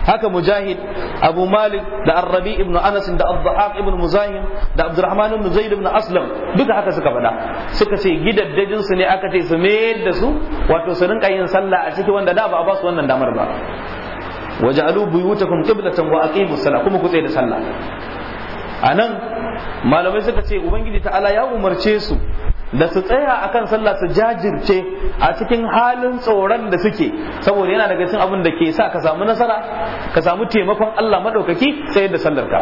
haka mujahid abu malik da arrabi ibn anas da abdullahi ibn muzahim da abdurrahman ibnu zaid ibn aslam duka haka suka faɗa suka ce gidaddajinsu ne aka ce su mayar da su wato su rinka yin sallah a ciki wanda da ba a ba su wannan damar ba waja'alu buyutakum qiblatan wa aqimus salah kuma ku da sallah Anan, malamai suka ce ubangiji ta'ala ya umarce su da su tsaya akan sallah su jajirce a cikin halin tsoron da suke saboda yana daga cikin abin da ke sa ka samu nasara ka samu taimakon Allah madaukaki sai da sallar ka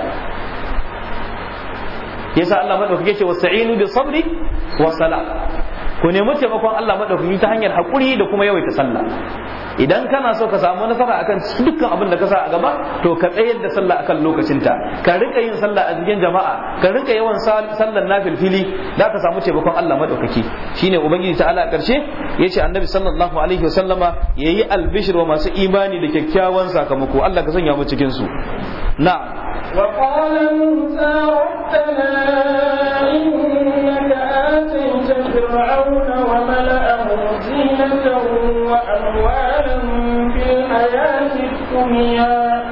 yasa Allah madaukaki ce wasta'inu bi sabri wa sala ku nemi taimakon Allah maɗaukaki ta hanyar hakuri da kuma yawaita sallah idan kana so ka samu nasara akan dukkan abin da ka sa a gaba to ka tsayar da sallah akan lokacinta ka rika yin sallah a cikin jama'a ka rika yawan sallar fili za ka samu taimakon Allah madaukaki shine ubangiji ta'ala a karshe yace annabi sallallahu alaihi wasallama yayi albishir wa masu imani da kyakkyawan sakamako Allah ka sanya mu cikin su na وقال موسى ربنا إنك آتيت فرعون وملأه زينة وأموالا الحياة الدنيا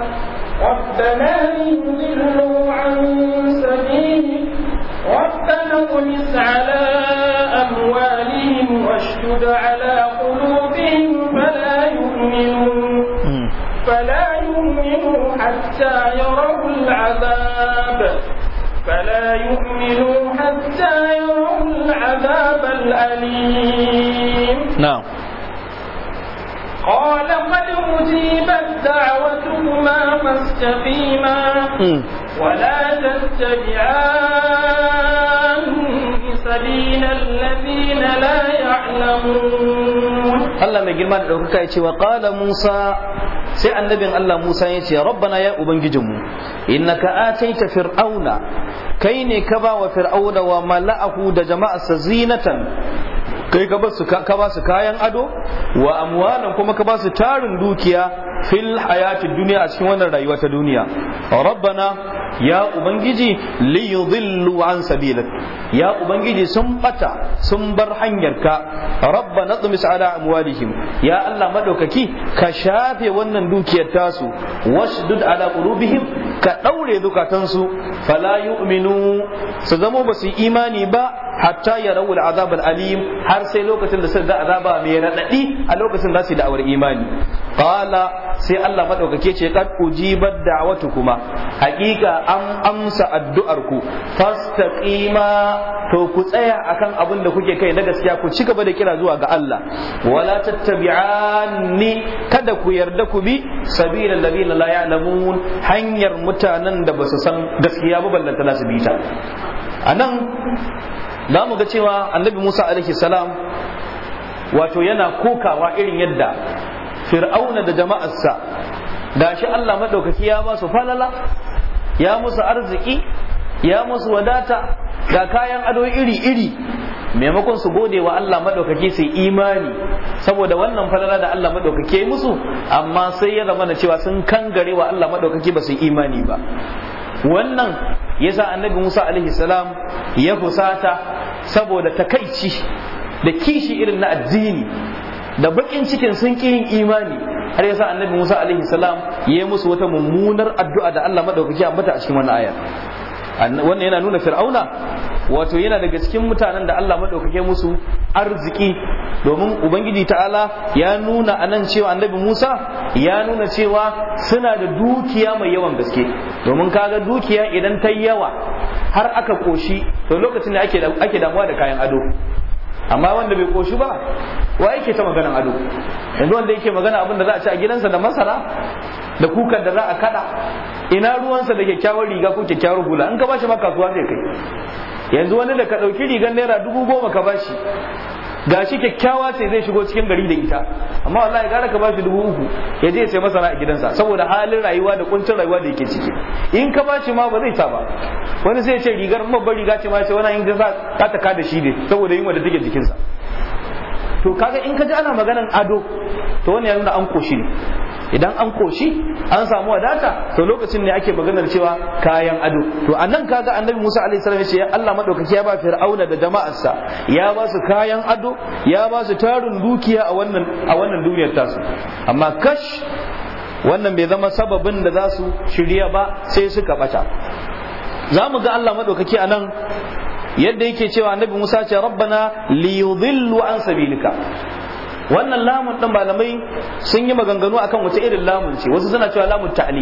ربنا انزلوا عن سبيلك ربنا اغمس على أموالهم واشتد على قلوبهم فلا يؤمنون فلا يؤمنوا حتى يروا العذاب فلا يؤمنوا حتى يروا العذاب الأليم نعم no. قال قد أجيبت دعوتكما فاستقيما ولا تتبعان سبيل الذين لا يعلمون الله ما girma da ɗaukaka ya ce wa Musa sai annabin Allah Musa ya ce rabbana ya ubangijinmu innaka ataita fir'auna kai ne ka ba wa fir'auna wa mala'ahu da jama'arsa zinatan kai ka ba su kayan ado wa amwalan kuma ka ba su tarin dukiya fil hayatid duniya a cikin wannan rayuwa ta duniya rabbana ya ubangiji li yudhillu an ya ubangiji sun bata sun bar hanyarka rabbana tumis ala amwalihim ya Allah madaukaki ka shafe wannan dukiyar tasu wasdud ala qulubihim ka ɗaure zukatansu fala yu'minu su zamo ba su imani ba hatta ya rawul azab alim har sai lokacin da suka ga azaba mai raɗaɗi a lokacin za su da imani qala sai Allah madaukake ce kad ujibat da'watu kuma hakika an amsa addu'ar ku fastaqima to ku tsaya akan abin da kuke kai na gaskiya ku ci gaba da kira zuwa ga Allah wala tattabi'anni kada ku yarda ku bi sabilal ladina la ya'lamun hanyar mutanen da basu san gaskiya ba ballanta nasu bita anan za mu ga cewa annabi Musa alaihi salam wato yana kokawa irin yadda fir'auna da jama'arsa gashi Allah madaukaki ya ba su falala ya musu arziki ya musu wadata ga kayan ado iri-iri maimakon su gode wa Allah maɗaukaki su imani saboda wannan falala da Allah maɗaukaki musu amma sai ya zama cewa sun kangare wa Allah maɗaukaki ba su imani ba wannan ya sa annabi Musa alaihi salam ya fusata saboda takaici da kishi irin na addini da bakin cikin sun ki yin imani har yasa annabi Musa alaihi salam ya yi musu wata mummunar addu'a da Allah madaukaki ambata a cikin wannan ayar wannan yana nuna fir'auna wato yana daga cikin mutanen da Allah madaukake musu arziki domin ubangiji ta'ala ya nuna anan cewa annabi Musa ya nuna cewa suna da dukiya mai yawan gaske domin kaga dukiya idan ta yawa har aka koshi to lokacin da ake damuwa da kayan ado amma wanda bai koshi ba wa yake ta maganan ado yanzu wanda yake magana abin da za a ci a gidansa da masara da kukan da za a kada ina ruwansa da kyakkyawar riga ko kyakkyawar hula in ka shi ma kasuwa zai kai yanzu wani da ka ɗauki rigar naira dubu goma ka ga shi kyakkyawa ce zai shigo cikin gari da ita amma wallahi gara ka shi dubu uku ya je sai masara a gidansa saboda halin rayuwa da kuncin rayuwa da yake ciki in ka ba shi ma ba zai ta ba wani sai ya ce rigar babbar riga ce ma sai wani in ka sa ta kada shi ne saboda yunwa da take jikinsa to kaga in ka ji ana maganan ado to wani ya da an koshi ne idan an koshi an samu wadata to lokacin ne ake maganar cewa kayan ado to anan kaga annabi Musa alaihi salam ya ce Allah madaukaki ya ba Fir'auna da jama'arsa ya ba su kayan ado ya ba su tarin dukiya a wannan a wannan duniyar tasu amma kash wannan bai zama sababin da za su shirya ba sai suka bata za mu ga Allah madaukaki anan yadda yake cewa annabi Musa ce rabbana li yudhillu an sabilika wannan lamun din malamai sun yi maganganu akan wace irin lamun ce wasu suna cewa lamun ta'ali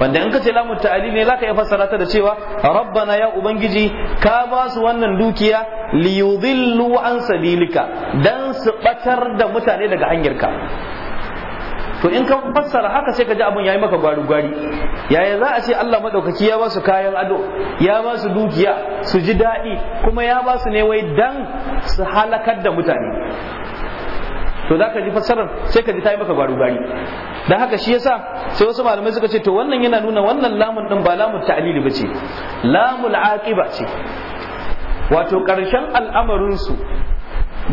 wanda in ka ce lamun ta'ali ne zaka iya fassara ta da cewa rabbana ya ubangiji ka ba su wannan dukiya li yudhillu an sabilika dan su batar da mutane daga hanyarka to in ka fassara haka sai ka ji abun yayi maka gwari gwari yaya za a ce Allah madaukaki ya ba su kayan ado ya ba su dukiya su ji daɗi kuma ya ba su ne wai dan su halakar da mutane to za ka ji fassarar sai ka ta yi maka gwaru gwari da haka shi yasa sai wasu malamai suka ce to wannan yana nuna wannan lamun din ba lamun ta'lili bace lamul aqiba ce wato ƙarshen su.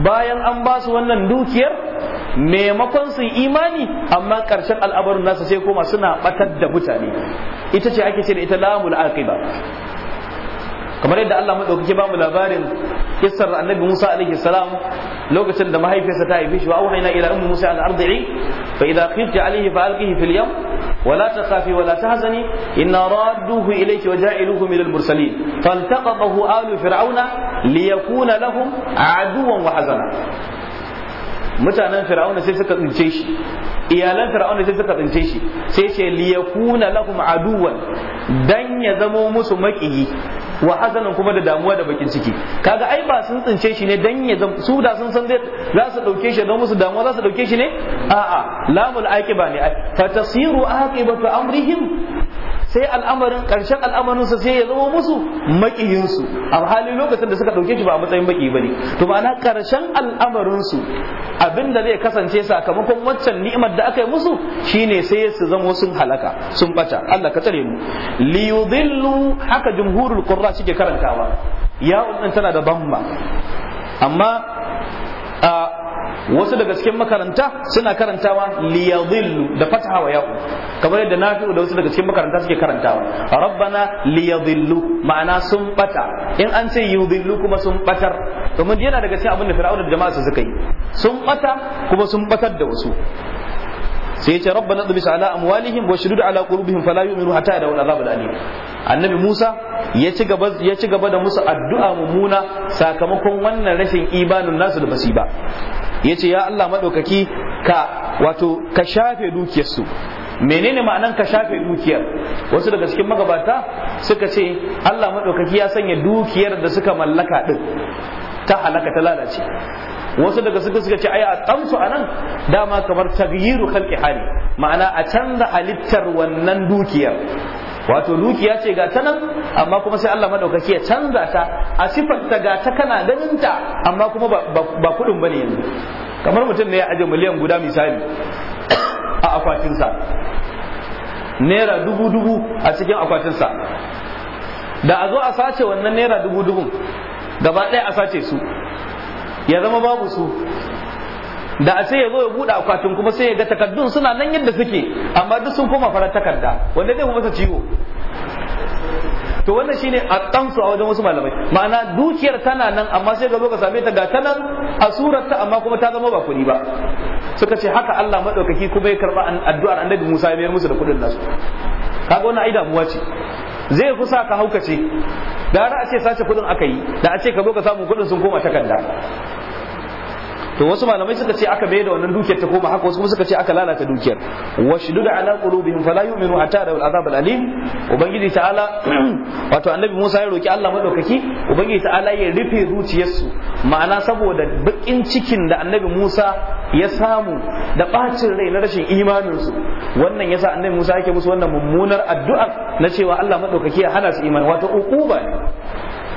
bayan an ba su wannan dukiyar maimakon su imani amma ƙarshen al'abarun nasu sai koma suna ɓatar da mutane ita ce ake ce da ita lamul aqiba kamar yadda Allah madaukake ba mu labarin kissar annabi Musa alaihi salam lokacin da mahaifiyarsa ta haife shi wa auhayna ila ummi Musa al ardi'i fa idha khifti alayhi fa alqihi fil yam wa la takhafi wa la tahzani inna radduhu ilayki wa ja'iluhu min al mursalin faltaqatahu alu fir'auna liyakuna lahum aduwan wa hazana mutanen fir'auna sai suka tsince shi iyalan fir'auna sai suka tsince shi sai ce liyakuna lahum aduwan dan ya zamo musu maƙiyi wa hazanan kuma da damuwa da bakin ciki kaga ai ba sun tsince shi ne dan ya su da sun san zai za su dauke shi don musu damuwa za su dauke shi ne a'a lamul aqiba ne fa tasiru aqibatu amrihim sai al'amarin ƙarshen al'amarin sa sai ya zama musu makiyin su a hali lokacin da suka dauke shi ba a matsayin maki bane to ma'ana ƙarshen al'amarin su da zai kasance sakamakon waccan ni'imar da aka yi musu shine sai su zama sun halaka sun bata Allah ka tsare mu li yudillu haka jumhurul qurra suke karantawa ya tana da bamma amma wasu daga cikin makaranta suna karantawa liyadhillu da fataha wa ya'u kamar yadda nafi'u da wasu daga cikin makaranta suke karantawa rabbana liyadhillu ma'ana sun bata in an ce yudhillu kuma sun batar domin yana daga cikin abin da fir'auna da jama'a suka yi sun bata kuma sun batar da wasu sai yace rabbana dhbis ala amwalihim wa shudud ala qulubihim fala yu'minu hatta yadawul azabul alim annabi Musa ya ci gaba ya ci gaba da musu addu'a mumuna sakamakon wannan rashin imanin nasu da basiba yace ya Allah madaukaki ka wato ka shafe dukiyarsu menene ma'anan ka shafe dukiyar wasu daga cikin magabata suka ce Allah madaukaki ya sanya dukiyar da suka mallaka ɗin ta halaka ta lalace wasu daga suka suka ce ai a tsamsu a nan dama kamar tagyiru khalqi hali ma'ana a canza halittar wannan dukiyar wato dukiya ce ga ta nan amma kuma sai Allah madaukaki ya canza ta a sifarta ga ta kana ganin ta amma kuma ba kudin bane yanzu kamar mutum ne ya aje miliyan guda misali a akwatinsa naira dubu dubu a cikin akwatinsa da a zo a sace wannan naira dubu dubu gaba ɗaya a sace su ya zama babu su da sai ya zo ya buɗe akwatin kuma sai ya ga takardun suna nan yadda suke amma duk sun koma farar takarda wanda zai masa ciwo to wannan shine a kansu a wajen wasu malamai ma'ana dukiyar tana nan amma sai ga zo ka same ta ga ta nan a surarta amma kuma ta zama ba kuɗi ba suka ce haka Allah madaukaki kuma ya karba addu'ar annabi Musa ya mayar musu da kuɗin nasu kaga wannan ai damuwa ce zai kusa ka haukace da ra a ce sace kuɗin aka yi da a ce ka zo ka samu kuɗin sun koma takarda to wasu malamai suka ce aka bai wannan dukiyar ta koma haka wasu kuma suka ce aka lalata dukiyar washduda ala qulubihim fala yu'minu hatta da azab alim ubangiji ta'ala wato annabi Musa ya roki Allah madaukaki ubangiji ta'ala ya rufe zuciyarsu ma'ana saboda bakin cikin da annabi Musa ya samu da bacin rai na rashin imanin su wannan yasa annabi Musa yake musu wannan mummunar addu'a na cewa Allah madaukaki ya hana su imani wato uquba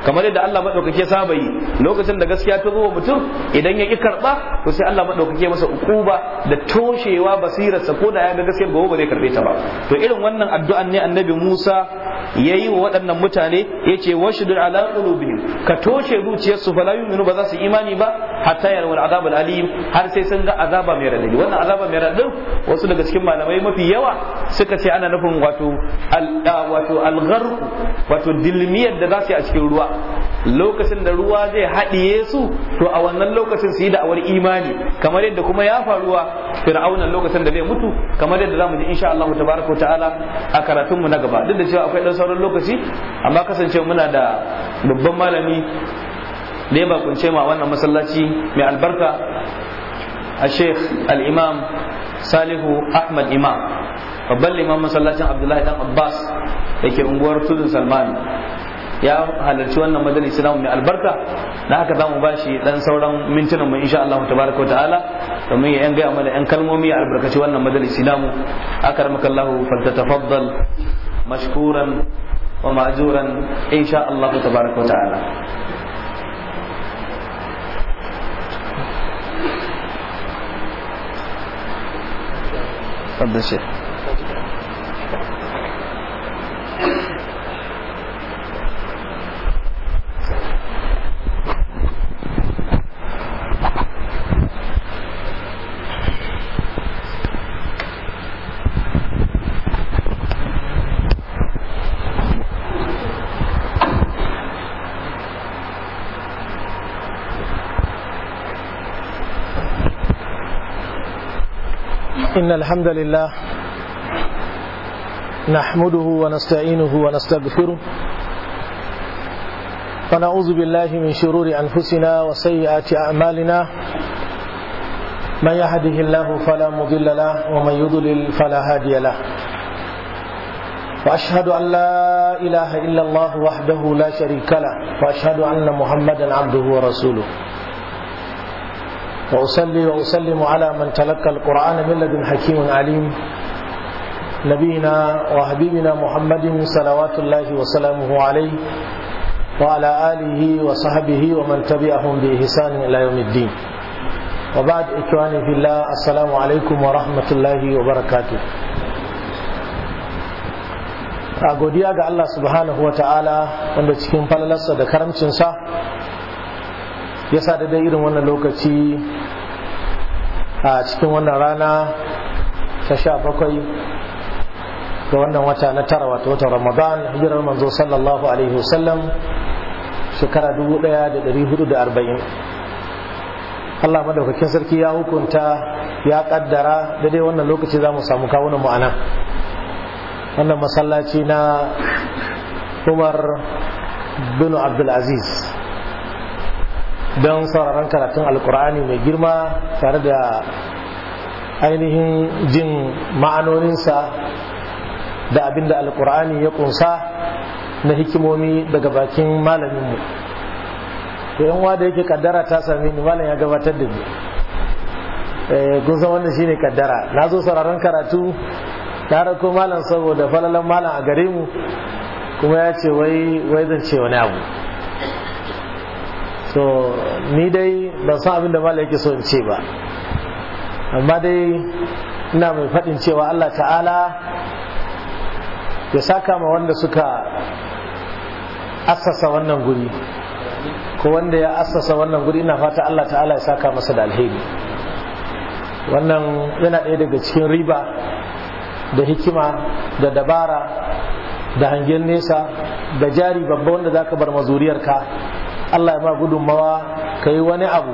kamar yadda Allah madaukake saba yi lokacin da gaskiya ta zo wa mutum idan ya ki karɓa, to sai Allah madaukake masa ukuba da toshewa basirarsa ko da ya ga gaskiya gobe ba zai karbe ta ba to irin wannan addu'an ne annabi Musa yayi wa waɗannan mutane yace washdud ala qulubihim ka toshe zuciyarsu fa la yu'minu ba za su imani ba hatta yarwa azabul alim har sai sun ga azaba mai radadi wannan azaba mai radadin wasu daga cikin malamai mafi yawa suka ce ana nufin wato al'a wato al wato dilmiyar da za su yi a cikin ruwa lokacin da ruwa zai haɗiye su to a wannan lokacin su yi da'awar imani kamar yadda kuma ya faruwa fir'auna lokacin da zai mutu kamar yadda zamu ji insha Allah tabaraka wa ta'ala a karatun mu na gaba duk da cewa akwai dan sauran lokaci amma kasance muna da babban malami da ya bakunce ma wannan masallaci mai albarka a sheikh al-imam salihu ahmad imam babban liman masallacin abdullahi dan abbas da ke unguwar tudun salman ya halarci wannan majalisi namu mai albarka na haka zamu bashi dan sauran mintunan mu insha Allah tabaraka wa ta'ala domin ya yan gaya mana yan kalmomi ya albarkaci wannan majalisi namu akarmakallahu faltatafaddal mashkuran wa ma'juran insha Allah tabaraka wa ta'ala تفضل شيخ إن الحمد لله نحمده ونستعينه ونستغفره فنعوذ بالله من شرور أنفسنا وسيئات أعمالنا من يهده الله فلا مضل له ومن يضلل فلا هادي له وأشهد أن لا إله إلا الله وحده لا شريك له وأشهد أن محمدا عبده ورسوله وأصلي وأسلم على من تلقى القرآن من لدن حكيم عليم نبينا وحبيبنا محمد صلوات الله وسلامه عليه وعلى آله وصحبه ومن تبعهم بإحسان إلى يوم الدين وبعد إخواني في الله السلام عليكم ورحمة الله وبركاته a godiya ga Allah subhanahu wa ta'ala wanda cikin falalarsa da karamcinsa yasa da dai irin wannan lokaci a cikin wannan rana ta sha bakwai ga wannan wata na tara wata watan ramadan hijirar manzo sallallahu alaihi wasallam shekara 1440 Allah madaukakin sarki ya hukunta ya kaddara da dai wannan lokaci za mu samu kawunan ma'ana. wannan masallaci na Umar bin abdul'aziz Aziz don sauraron karatun alkur'ani mai girma tare da ainihin jin ma'anoninsa da abinda alkur'ani ya kunsa na hikimomi daga bakin malaminmu to da yake kaddara ta sami ni malam ya gabatar da ni eh, kun san wannan shine kaddara na zo sauraron karatu na rako malam saboda falalan malam a gare mu kuma ya ce wai wai zan ce wani abu to ni dai ban san abin da mala yake so in ce ba amma dai ina mai faɗin cewa Allah ta'ala ya saka ma wanda suka assasa wannan guri ko wanda ya assasa wannan guri ina fata Allah ta'ala ya saka masa da alheri wannan yana ɗaya daga cikin riba da hikima da dabara da hangen nesa da jari babba wanda za ka bar mazuriyarka Allah ya ba gudunmawa ka yi wani abu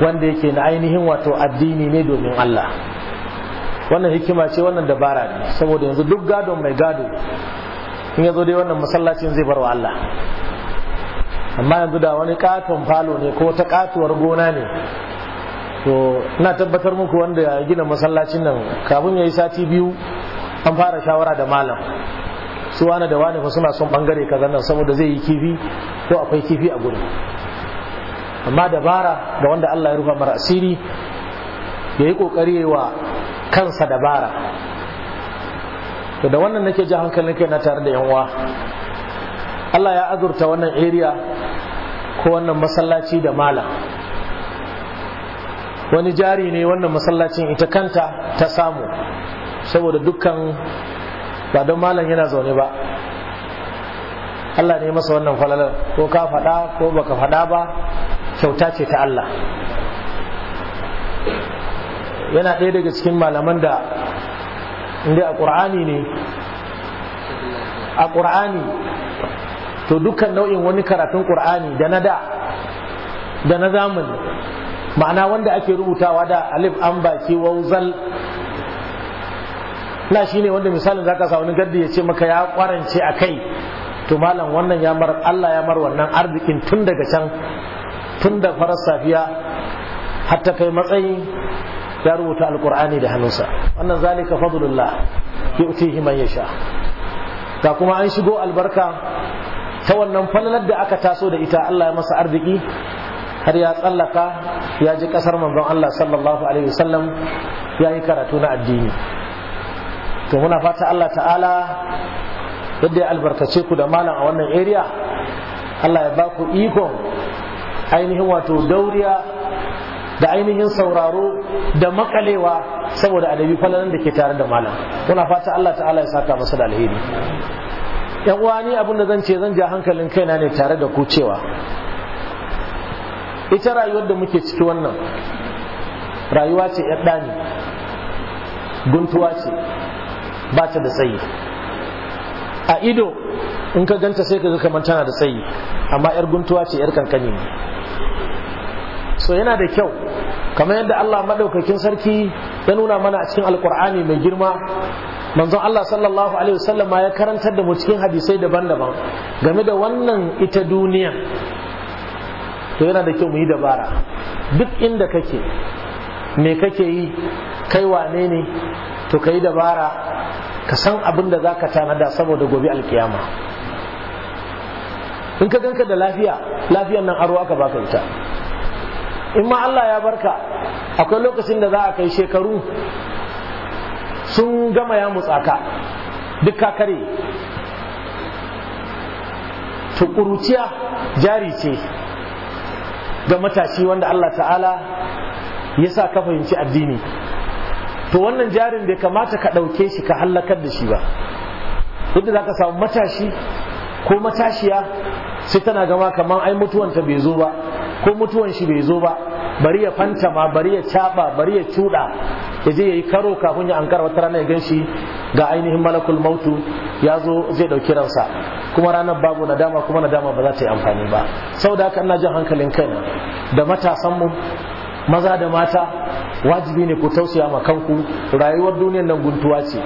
wanda yake na ainihin wato addini ne domin Allah wannan hikima ce wannan dabara ne saboda yanzu duk gado mai gado in ya zo dai wannan masallacin zai barwa Allah amma yanzu da wani katon falo ne ko ta katuwar gona ne to ina tabbatar muku wanda ya gina masallacin nan kafin ya yi sati biyu an fara shawara da malam su wani da wani fa suna son bangare kazanan nan saboda zai yi kifi ko akwai kifi a gudu amma dabara ga wanda Allah ya rufa mara asiri ya yi kokari wa kansa dabara to da wannan nake ji hankalin kai na tare da yan Allah ya azurta wannan area ko wannan masallaci da mala wani jari ne wannan masallacin ita kanta ta samu saboda dukkan ba don malam yana zaune ba Allah ne masa wannan falalar ko ka faɗa ko baka faɗa ba kyauta ce ta Allah yana ɗaya daga cikin malaman da inda a ƙur'ani ne a ƙur'ani to dukkan nau'in wani karatun ƙur'ani da na da da na zamani ma'ana wanda ake rubutawa da alif an baki wauzal la shine wanda misalin ka sa wani gaddi ya ce maka ya kwarance a kai to malam wannan ya mar Allah ya mar wannan arzikin tun daga can tun da farar safiya hatta kai matsayi ya rubuta alkur'ani da hannunsa wannan zalika fadlullah yu'tihi man yasha ga kuma an shigo albarka ta wannan falalar da aka taso da ita Allah ya masa arziki har ya tsallaka ya ji kasar manzon Allah sallallahu alaihi wasallam ya yi karatu na addini to muna fata Allah ta'ala yadda ya albarkace ku da malam a wannan area Allah ya ba ku ikon ainihin wato dauriya da ainihin sauraro da makalewa saboda adabi falalan da ke tare da malam muna fata Allah ta'ala ya saka masa da alheri yan uwa ni abin da zan ce zan ja hankalin kaina ne tare da ku cewa ita rayuwar da muke ciki wannan rayuwa ce yar ɗani guntuwa ce ba ta da tsayi a ido in ka ganta sai ka ga kamar tana da tsayi amma yar guntuwa ce yar kankani ne so yana da kyau kamar yadda Allah madaukakin sarki ya nuna mana a cikin alkur'ani mai girma manzon Allah sallallahu alaihi wasallama ya karantar da mu cikin hadisai daban-daban game da wannan ita duniya to yana da kyau mu yi dabara duk inda kake me kake yi kai wane ne to ka yi dabara ka san abin da za ka tanada saboda gobe alkiyama in ka ganka da lafiya lafiyan nan aro aka baka ita in ma Allah ya barka akwai lokacin da za a kai shekaru sun gama ya mutsaka duk ka kare to ƙuruciya jari ce ga matashi wanda Allah ta'ala yasa ka fahimci addini to wannan jarin bai kamata ka ɗauke shi ka hallakar da shi ba duk da zaka samu matashi ko matashiya sai tana gama kamar ai mutuwanta bai zo ba ko mutuwan shi bai zo ba bari ya fanta ma bari ya caba bari ya cuɗa ya je ya yi karo kafin ya ankara wata rana ya gan shi ga ainihin malakul mautu ya zo zai ɗauki ransa kuma ranar babu na dama kuma nadama ba za ta yi amfani ba sau da haka ina jin hankalin kaina da matasanmu maza da mata wajibi ne ku tausaya ma kanku rayuwar duniyar nan guntuwa ce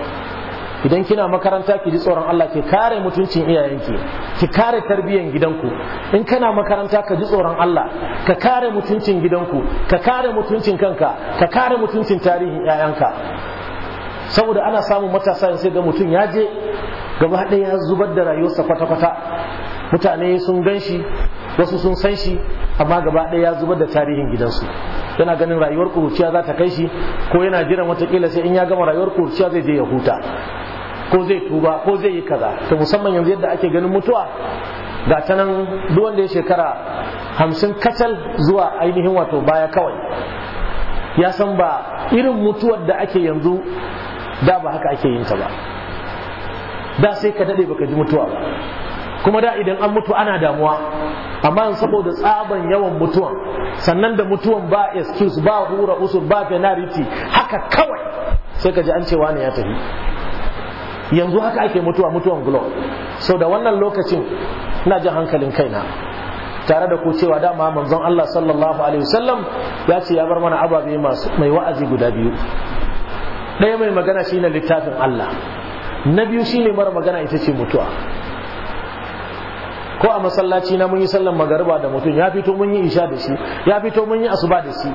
idan kina makaranta ki ji tsoron Allah ki kare mutuncin iyayenki ki kare tarbiyyar gidanku in kana makaranta ka ji tsoron Allah ka kare mutuncin gidanku ka kare mutuncin kanka ka kare mutuncin tarihin iyayenka saboda ana samun matasa sai ga mutum ya je gaba ɗaya ya zubar da rayuwarsa kwata-kwata mutane sun gan shi wasu sun san shi amma gaba ɗaya ya zubar da tarihin gidansu yana ganin rayuwar kuruciya za ta kai shi ko yana jiran watakila sai in ya gama rayuwar kuruciya zai je ya huta ko zai tuba ko zai yi kaza ta musamman yanzu yadda ake ganin mutuwa ga ta nan duk wanda ya shekara hamsin kacal zuwa ainihin wato baya kawai ya san ba irin mutuwar da ake yanzu da ba haka ake yin ta ba da sai ka daɗe baka ji mutuwa ba kuma da idan an mutu ana damuwa amma saboda tsaban yawan mutuwa sannan da mutuwan ba excuse ba hura usur ba penalty haka kawai sai ka ji an cewa wani ya tafi yanzu haka ake mutuwa mutuwan gulo so da wannan lokacin na ji hankalin kaina tare da ku cewa dama manzon Allah sallallahu alaihi wasallam ya ce ya bar mana ababe masu mai wa'azi guda biyu ɗaya mai magana shine littafin Allah na biyu shine mara magana ita ce mutuwa ko a masallaci na mun yi sallan magariba da mutum ya fito mun yi isha da shi ya fito mun yi asuba da shi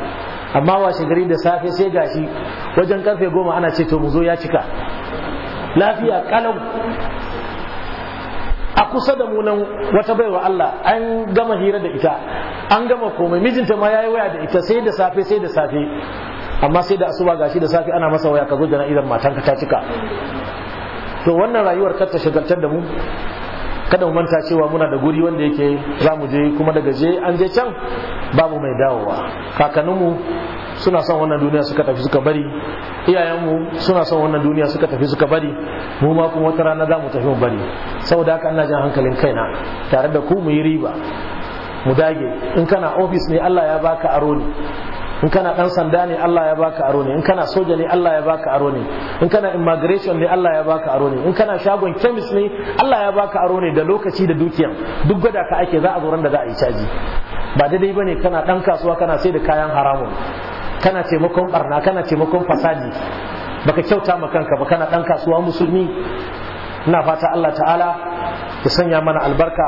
amma washe gari da safe sai gashi wajen karfe goma ana ce to mu zo ya cika lafiya kalau a kusa da munan wata baiwa Allah an gama hira da ita an gama komai mijinta ma yayi waya da ita sai da safe sai da safe amma sai da asuba gashi da safe ana masa waya ka zo jana'izar matanka ta cika to wannan rayuwar kar ta shagaltar da mu kada mu manta cewa muna da guri wanda yake za mu je kuma daga je an je can babu mai dawowa kakanninmu suna son wannan duniya suka tafi suka bari iyayenmu suna son wannan duniya suka tafi suka bari mu ma kuma wata rana za mu tafi mu bari saboda haka ina jin hankalin kaina tare da ku mu yi riba mu dage in kana ofis ne Allah ya baka aro ne in kana dan sanda ne Allah ya baka aro ne in kana soja ne Allah ya baka aro ne in kana immigration ne Allah ya baka aro ne in kana shagon chemist ne Allah ya baka aro ne da lokaci da dukiya duk gwada ka ake za a zo ran da za a yi caji ba daidai bane kana dan kasuwa kana sai da kayan haramun kana taimakon barna kana taimakon fasadi baka kyauta ma kanka ba kana dan kasuwa musulmi ina fata Allah ta'ala ya sanya mana albarka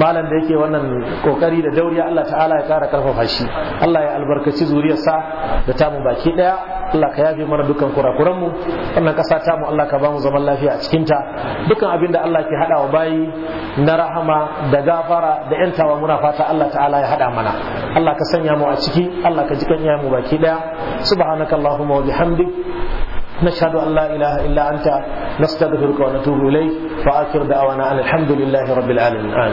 malam da yake wannan kokari da dauriya Allah ta'ala ya kara karfafa shi Allah ya albarkaci zuriyarsa da tamu baki daya Allah ka yafe mana dukkan kurakuran mu wannan kasa tamu Allah ka bamu zaman lafiya a cikin ta dukkan abin da Allah ke hadawa bayi na rahama da gafara da yantawa muna fata Allah ta'ala ya hada mana Allah ka sanya mu a ciki Allah ka jikan iyayen mu baki daya subhanakallahumma wa bihamdik نشهد أن لا إله إلا أنت نستغفرك ونتوب إليك وآخر دعوانا أن الحمد لله رب العالمين